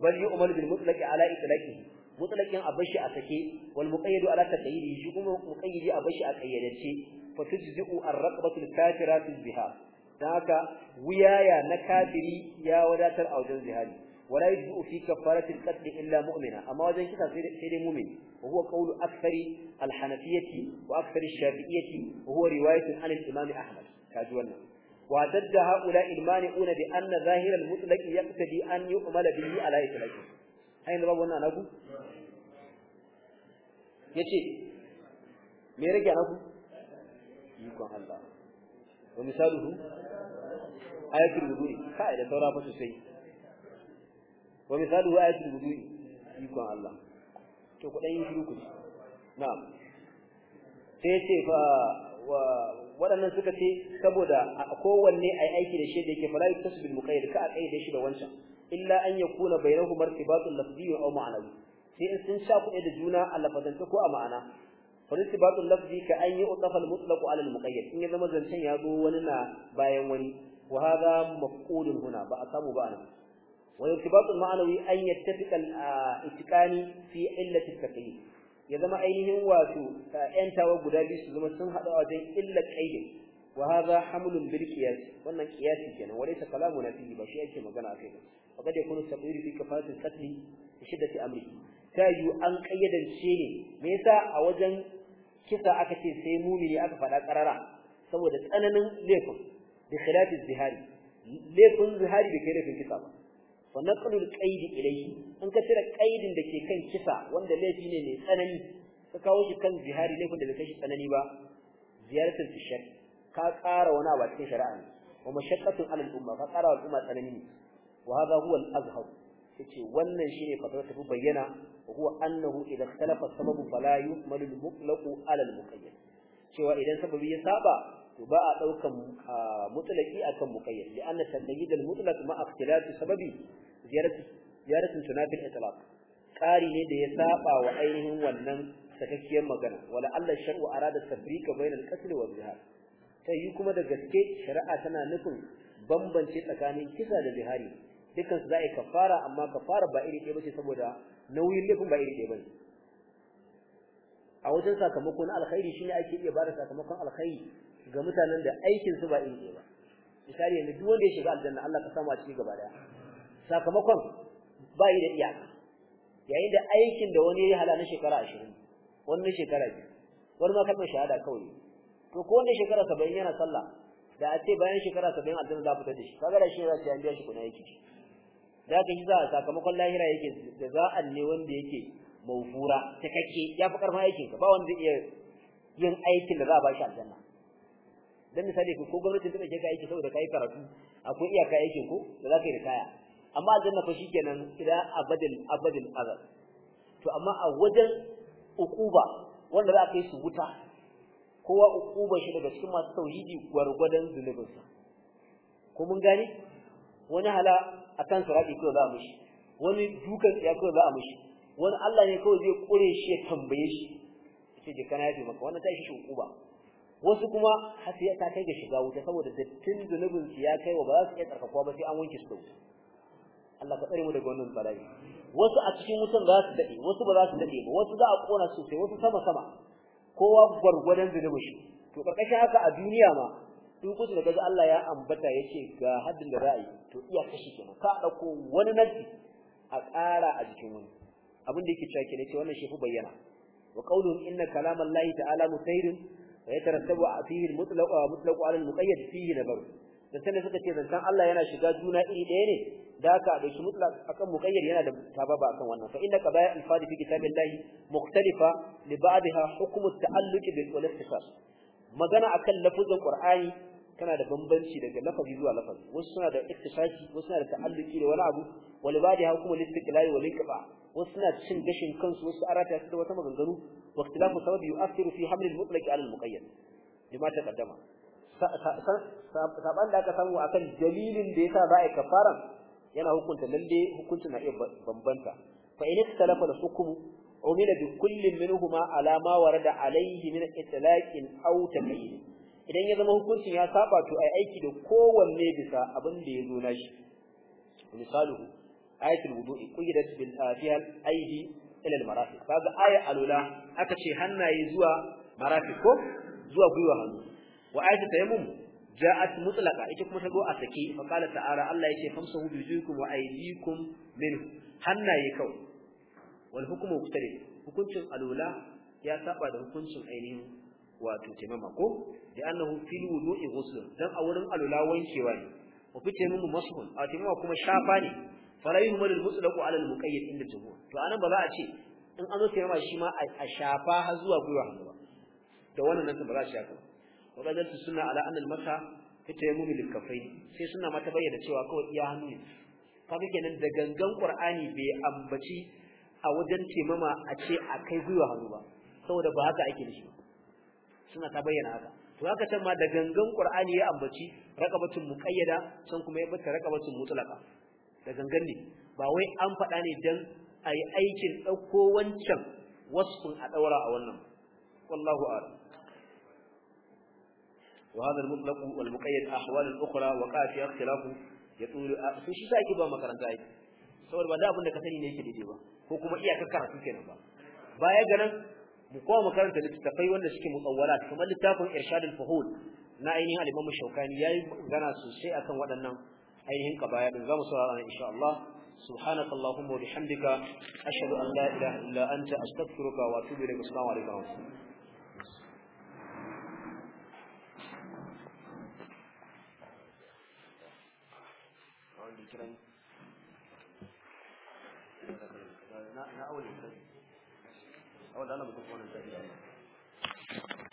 [SPEAKER 1] bal yu'mal bil mutlaqi ala itlaqi mutlaqin abashi a sake wal muqayyad ala taqyidi shi kuma muqayyidi abashi a kayyadace fa tujzi'u ar-raqabatu al-kafira fi zihar dan haka wiyaya na kafiri ya wadatar a wajen zihari wala yujzi'u fi kafarati al-qatl illa mu'mina amma wajen kisa sai dai mu'mini وهو قول أكثر الحنفية وأكثر الشافعية وهو رواية عن الإمام أحمد كاجولنا وعدد هؤلاء المانعون بأن ظاهر المطلق يقتدي أن يؤمل به على إطلاقه هاي نبقى وانا نقول يتي ميرجع نقول يكون الله ومثاله آية الوضوء فائدة ترى فسوسي ومثاله آية الوضوء يكون الله to ku dan shiru ku na'am sai ce fa wa waɗannan suka ce saboda a kowanne ai aiki da shi da yake fara tasbil muqayyid ka yi da shi da wancan illa an yakuna bayrahu martibatun lafzi aw ma'nawi sai in sun sha kuɗi da juna a lafazanta ko a ma'ana yi muqayyid in كأن يؤطف المطلق على المقيد إن لما زلتين يابو ولنا باين huna ba a samu ba بأنا والارتباط المعنوي أن يتفق الاتقان في علة التقييد يزم أينه واتو أنت وقدابي سزم سنها دواجين إلا قيد وهذا حمل بالقياس وأن قياس كان وليس كلامنا فيه بشيء كما قال أخيرا وقد يكون التقدير في كفاءة القتل بشدة أمره تايو أن قيد الشيء ميسا أوجن kisa aka ce sai mumini aka faɗa ƙarara saboda tsananin laifin da khilafin zihari laifin zihari da kai laifin kisa ba wa naqlul qaid ilayhi in ka cire ƙa'idin da ke kan kisa wanda laifi ne mai tsanani ka kawo shi kan zihari laifin da bai kai tsanani ba ziyaratul shar ka ƙara wani abu shari'a ne wa mashaqqatun alal ka ƙara wa umma tsanani ne wa hadha huwa al-azhar yace wannan shine fatawar tafi bayyana huwa annahu idza ikhtalafa sababu fala yuhmalu al-mutlaqu cewa idan sababi ya saba to ba a daukan mutlaki akan muqayyad li anna taqyid al mutlaq ma ikhtilaf sababi ziyaratu ziyaratu tunafi itlaq qari ne da ya saba wa ainihin wannan sakakkiyar magana wala Allah shar'u arada tafrika bayna al qatl wa zihar yi kuma da gaske shari'a tana nufin bambance tsakanin kisa da zihari dukan su za a kafara amma kafara ba iri ɗaya bace saboda nauyin laifin ba iri ɗaya bane a wajen sakamako na alkhairi shine ake iya bada sakamakon alkhairi ga mutanen da aikin su ba iri ba misali yanzu duk wanda ya shiga aljanna Allah ka samu a cikin gaba daya sakamakon ba yi da iyaka yayin da aikin da wani ya yi na shekara 20 wannan shekara 2 wani ma kafin shahada kawai to ko wanda shekara 70 yana sallah da a ce bayan shekara 70 aljanna za ku da shi kaga da shi za an biya shi kuna yake da ka shi za sakamakon lahira yake da a ne wanda yake mawfura ta ya fi karfin aikinka ba wanda zai iya yin aikin da za a ba shi aljanna dan misali ko gwamnatin ta dauke ka aiki saboda kai karatu akwai iyaka aikin ko da zaka yi kaya amma aljanna fa shikenan ila abadin abadin azab to amma a wajen ukuba wanda za a kai su wuta kowa ukuba shi daga cikin masu tauhidi gwargwadon zunubinsa ko mun gane wani hala akan sirati ko za a mishi wani dukan ya ko za a mishi wani Allah ne kawai zai kure shi ya tambaye shi sai je kana yi maka wannan ta shi ukuba wasu kuma ya ta kai ga shiga wuta saboda dattin zunubin su ya kai wa ba za su iya tsarkakuwa ba sai an wanke su da wuta Allah ka tsare mu daga wannan bala'i wasu a cikin wutan za su dade wasu ba za su dade ba wasu za a kona su sai wasu sama sama kowa gwargwadon zunubin shi to karkashin haka a duniya ma in kusa da gaza Allah ya ambata yace ga haddin da za a yi to iya kashi kenan ka dauko wani nazi a ƙara a jikin wani abin da yake cewa kenan ce wannan shi fa bayyana wa qawluhum inna kalamallahi ta'ala mutayrin ويترتب فيه المطلق مطلق على المقيد فيه نظر da sanin suka ce zancan Allah yana shiga juna iri ɗaya ne da aka da shi mutlaq akan muqayyad yana da tababa akan wannan fa inna qabaya al-fadi fi kitabillahi mukhtalifa li ba'daha hukm at-ta'alluq bil ikhtisas magana akan lafuzin qur'ani tana da bambanci daga lafazi zuwa lafazi wasu suna da ikhtisasi wasu suna da ta'alluqi da wani abu wa li ba'daha hukm al-istiqlali wal inqifa wasu suna cin gashin kansu wasu arata su da wata maganganu wa ikhtilafu sababi yu'athiru fi haml al-mutlaq 'ala al-muqayyad bima taqaddama saban da aka samu akan dalilin da ya sa za a yi kafaran yana hukunta lalle hukuncin na iya bambanta fa in ikhtalafa al-hukmu umila bi kullin minhumma ala ma warada alayhi min itlaqin aw taqyid idan ya zama hukuncin ya saba to ai aiki da kowanne bisa abin da ya zo nashi misaluhu Ah, al wudu'i qidat bil afiyal aidi ila al marafiq kaga aya alula aka ce hannaye zuwa marafiq ko zuwa gwiwa hannu wa ayat tayammum ja'at mutlaqa ita kuma ta zo a sake fa qala ta'ala Allah yace famsahu bi wujuhikum wa aydikum minhu hannaye kaw wal hukmu muqtarid hukuncin alula ya saba da hukuncin ainihin wato taimama ko da annahu fil wudu'i ghusl dan a wurin alula wankewa ne wa fi taimama mashhun a taimama kuma shafa ne fala yuhmal al mutlaqu ala al muqayyad inda jumhur to anan ba za a ce in an zo ma shi ma a shafa har zuwa gwiwa hannu ba da wannan nan ba za a shafa wa badaltu sunna ala an al masa fi tayammum lil kafai sai suna ta bayyana cewa kawai iya hannu ne kaga kenan da gangan qur'ani bai ambaci a wajen taimama a ce a kai gwiwa hannu ba saboda ba haka ake dashi suna ta bayyana haka to haka can ma da gangan qur'ani ya ambaci raqabatul muqayyada san kuma ya bata raqabatul mutlaqa da gangan ne ba wai an faɗa ne dan a yi aikin ɗauko wancan wasfin a ɗaura a wannan wallahu a'lam وهذا المطلق والمقيد أحوال أخرى وقع في اختلاف يطول sun shi sai ba makaranta yi saboda ba da abin da ka sani ne yake daidai ba ko kuma iyaka karatu kenan ba baya ga nan mu koma makaranta littattafai wanda suke mutsawalat kamar littafin irshadul fuhul na ainihin al-Imam Shawkani yayi gana sosai akan waɗannan ainihin kabaya din zamu saurara insha Allah subhanaka allahumma wa bihamdika ashhadu an la ilaha illa anta astaghfiruka wa atubu ilayk assalamu alaikum kiran na awalin kiran awal ana mutum wani tafiya